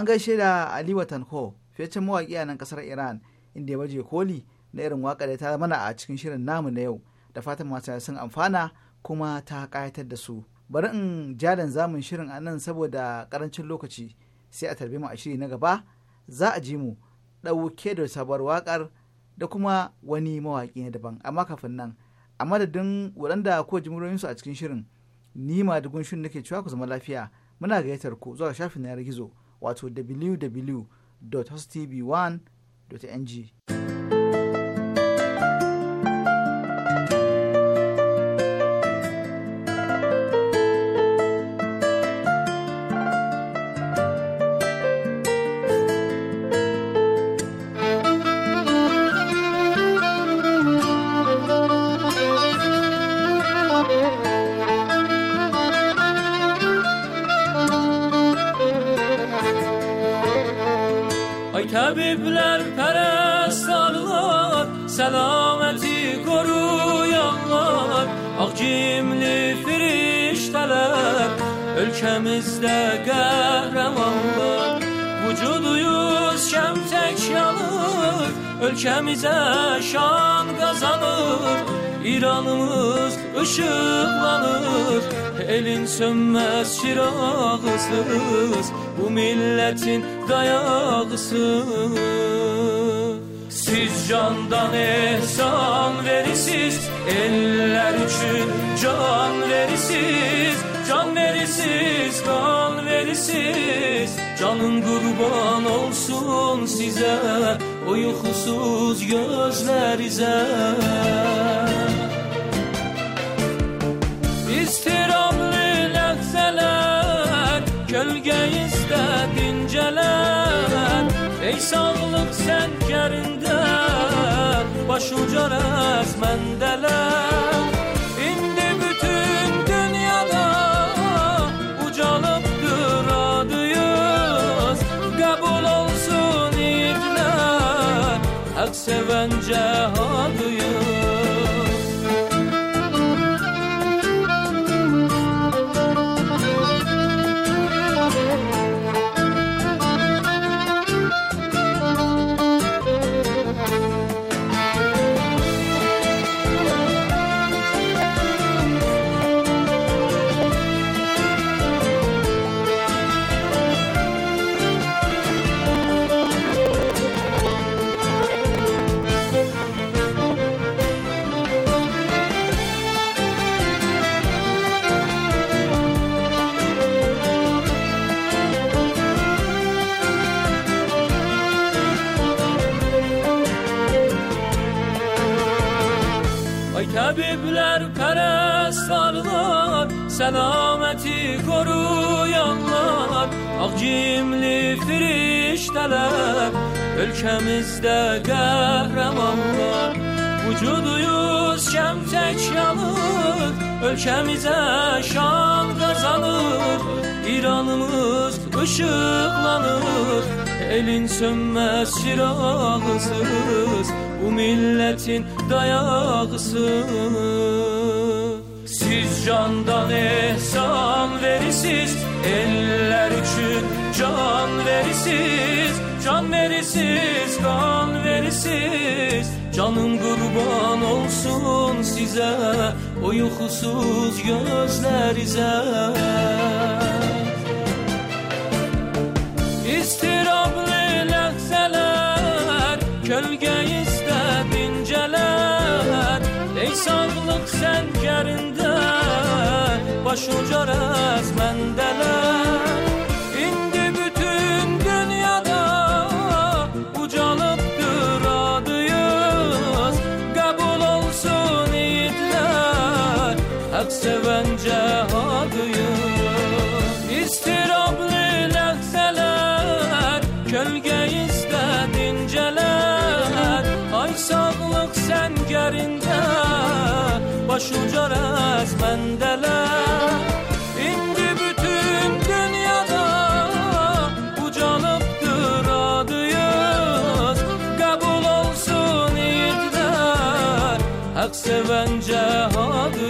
an gaishe da Ali Watanko fiyacin mawaƙi a nan ƙasar Iran inda ya baje koli na irin waƙa da ta mana a cikin shirin namu na yau da fatan masu sun amfana kuma ta ƙayatar da su. Bari in ja da zamun shirin a nan saboda ƙarancin lokaci sai a tarbe mu a shiri na gaba za a ji mu ɗauke da sabuwar waƙar da kuma wani mawaƙi na daban amma kafin nan a madadin waɗanda ko jimurorinsu a cikin shirin ni ma dugun shirin nake cewa ku zama lafiya muna gayyatar ku zuwa shafin yanar gizo wato www.hostv1.ng ülkemizde kahramanlar Vücuduyuz şemtek yanır Ülkemize şan kazanır İranımız ışıklanır Elin sönmez çırağısız Bu milletin dayağısız. Siz candan ehsan verisiz Eller için can verisiz Can verisiz, kan verisiz Canın kurban olsun size O uykusuz gözlerize İstirablı lehzeler Gölgeyizde dinceler Ey sağlık sen kerinde Başuca mendeler. seven jahon selameti koruyanlar Akcimli firişteler Ülkemizde kahramanlar Vücuduyuz şemtek yanır Ülkemize şan kazanır İranımız ışıklanır Elin sönmez çırağısız Bu milletin dayağısız candan ehsan verisiz Eller için can verisiz Can verisiz kan verisiz Canım kurban olsun size Uykusuz gözlerize İstirablı lehzeler Kölge iste binceler Ey sağlık sen yerinde başuca resmen deler İndi bütün dünyada ucalıp duradıyız Kabul olsun yiğitler hak seven cehadıyız İstirablı lehzeler kölge istedinceler Ay sağlık sen gerinde başuca resmen deler जहाँ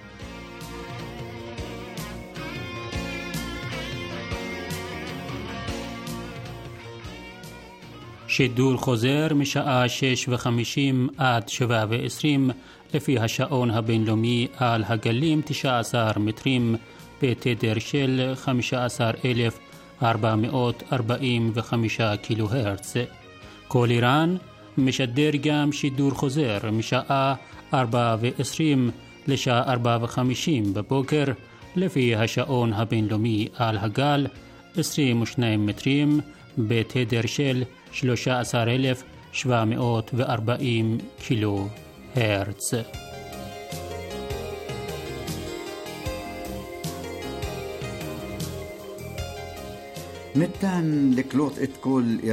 שידור חוזר משעה וחמישים עד ועשרים לפי השעון הבינלאומי על הגלים 19 מטרים בתדר של 15,445 קילו הרץ. כל איראן משדר גם שידור חוזר משעה 4:20 לשעה 4:50 בבוקר לפי השעון הבינלאומי על הגל 22 מטרים בתדר של 15,445 13,740 קילו הרץ. ניתן לקלוט את כל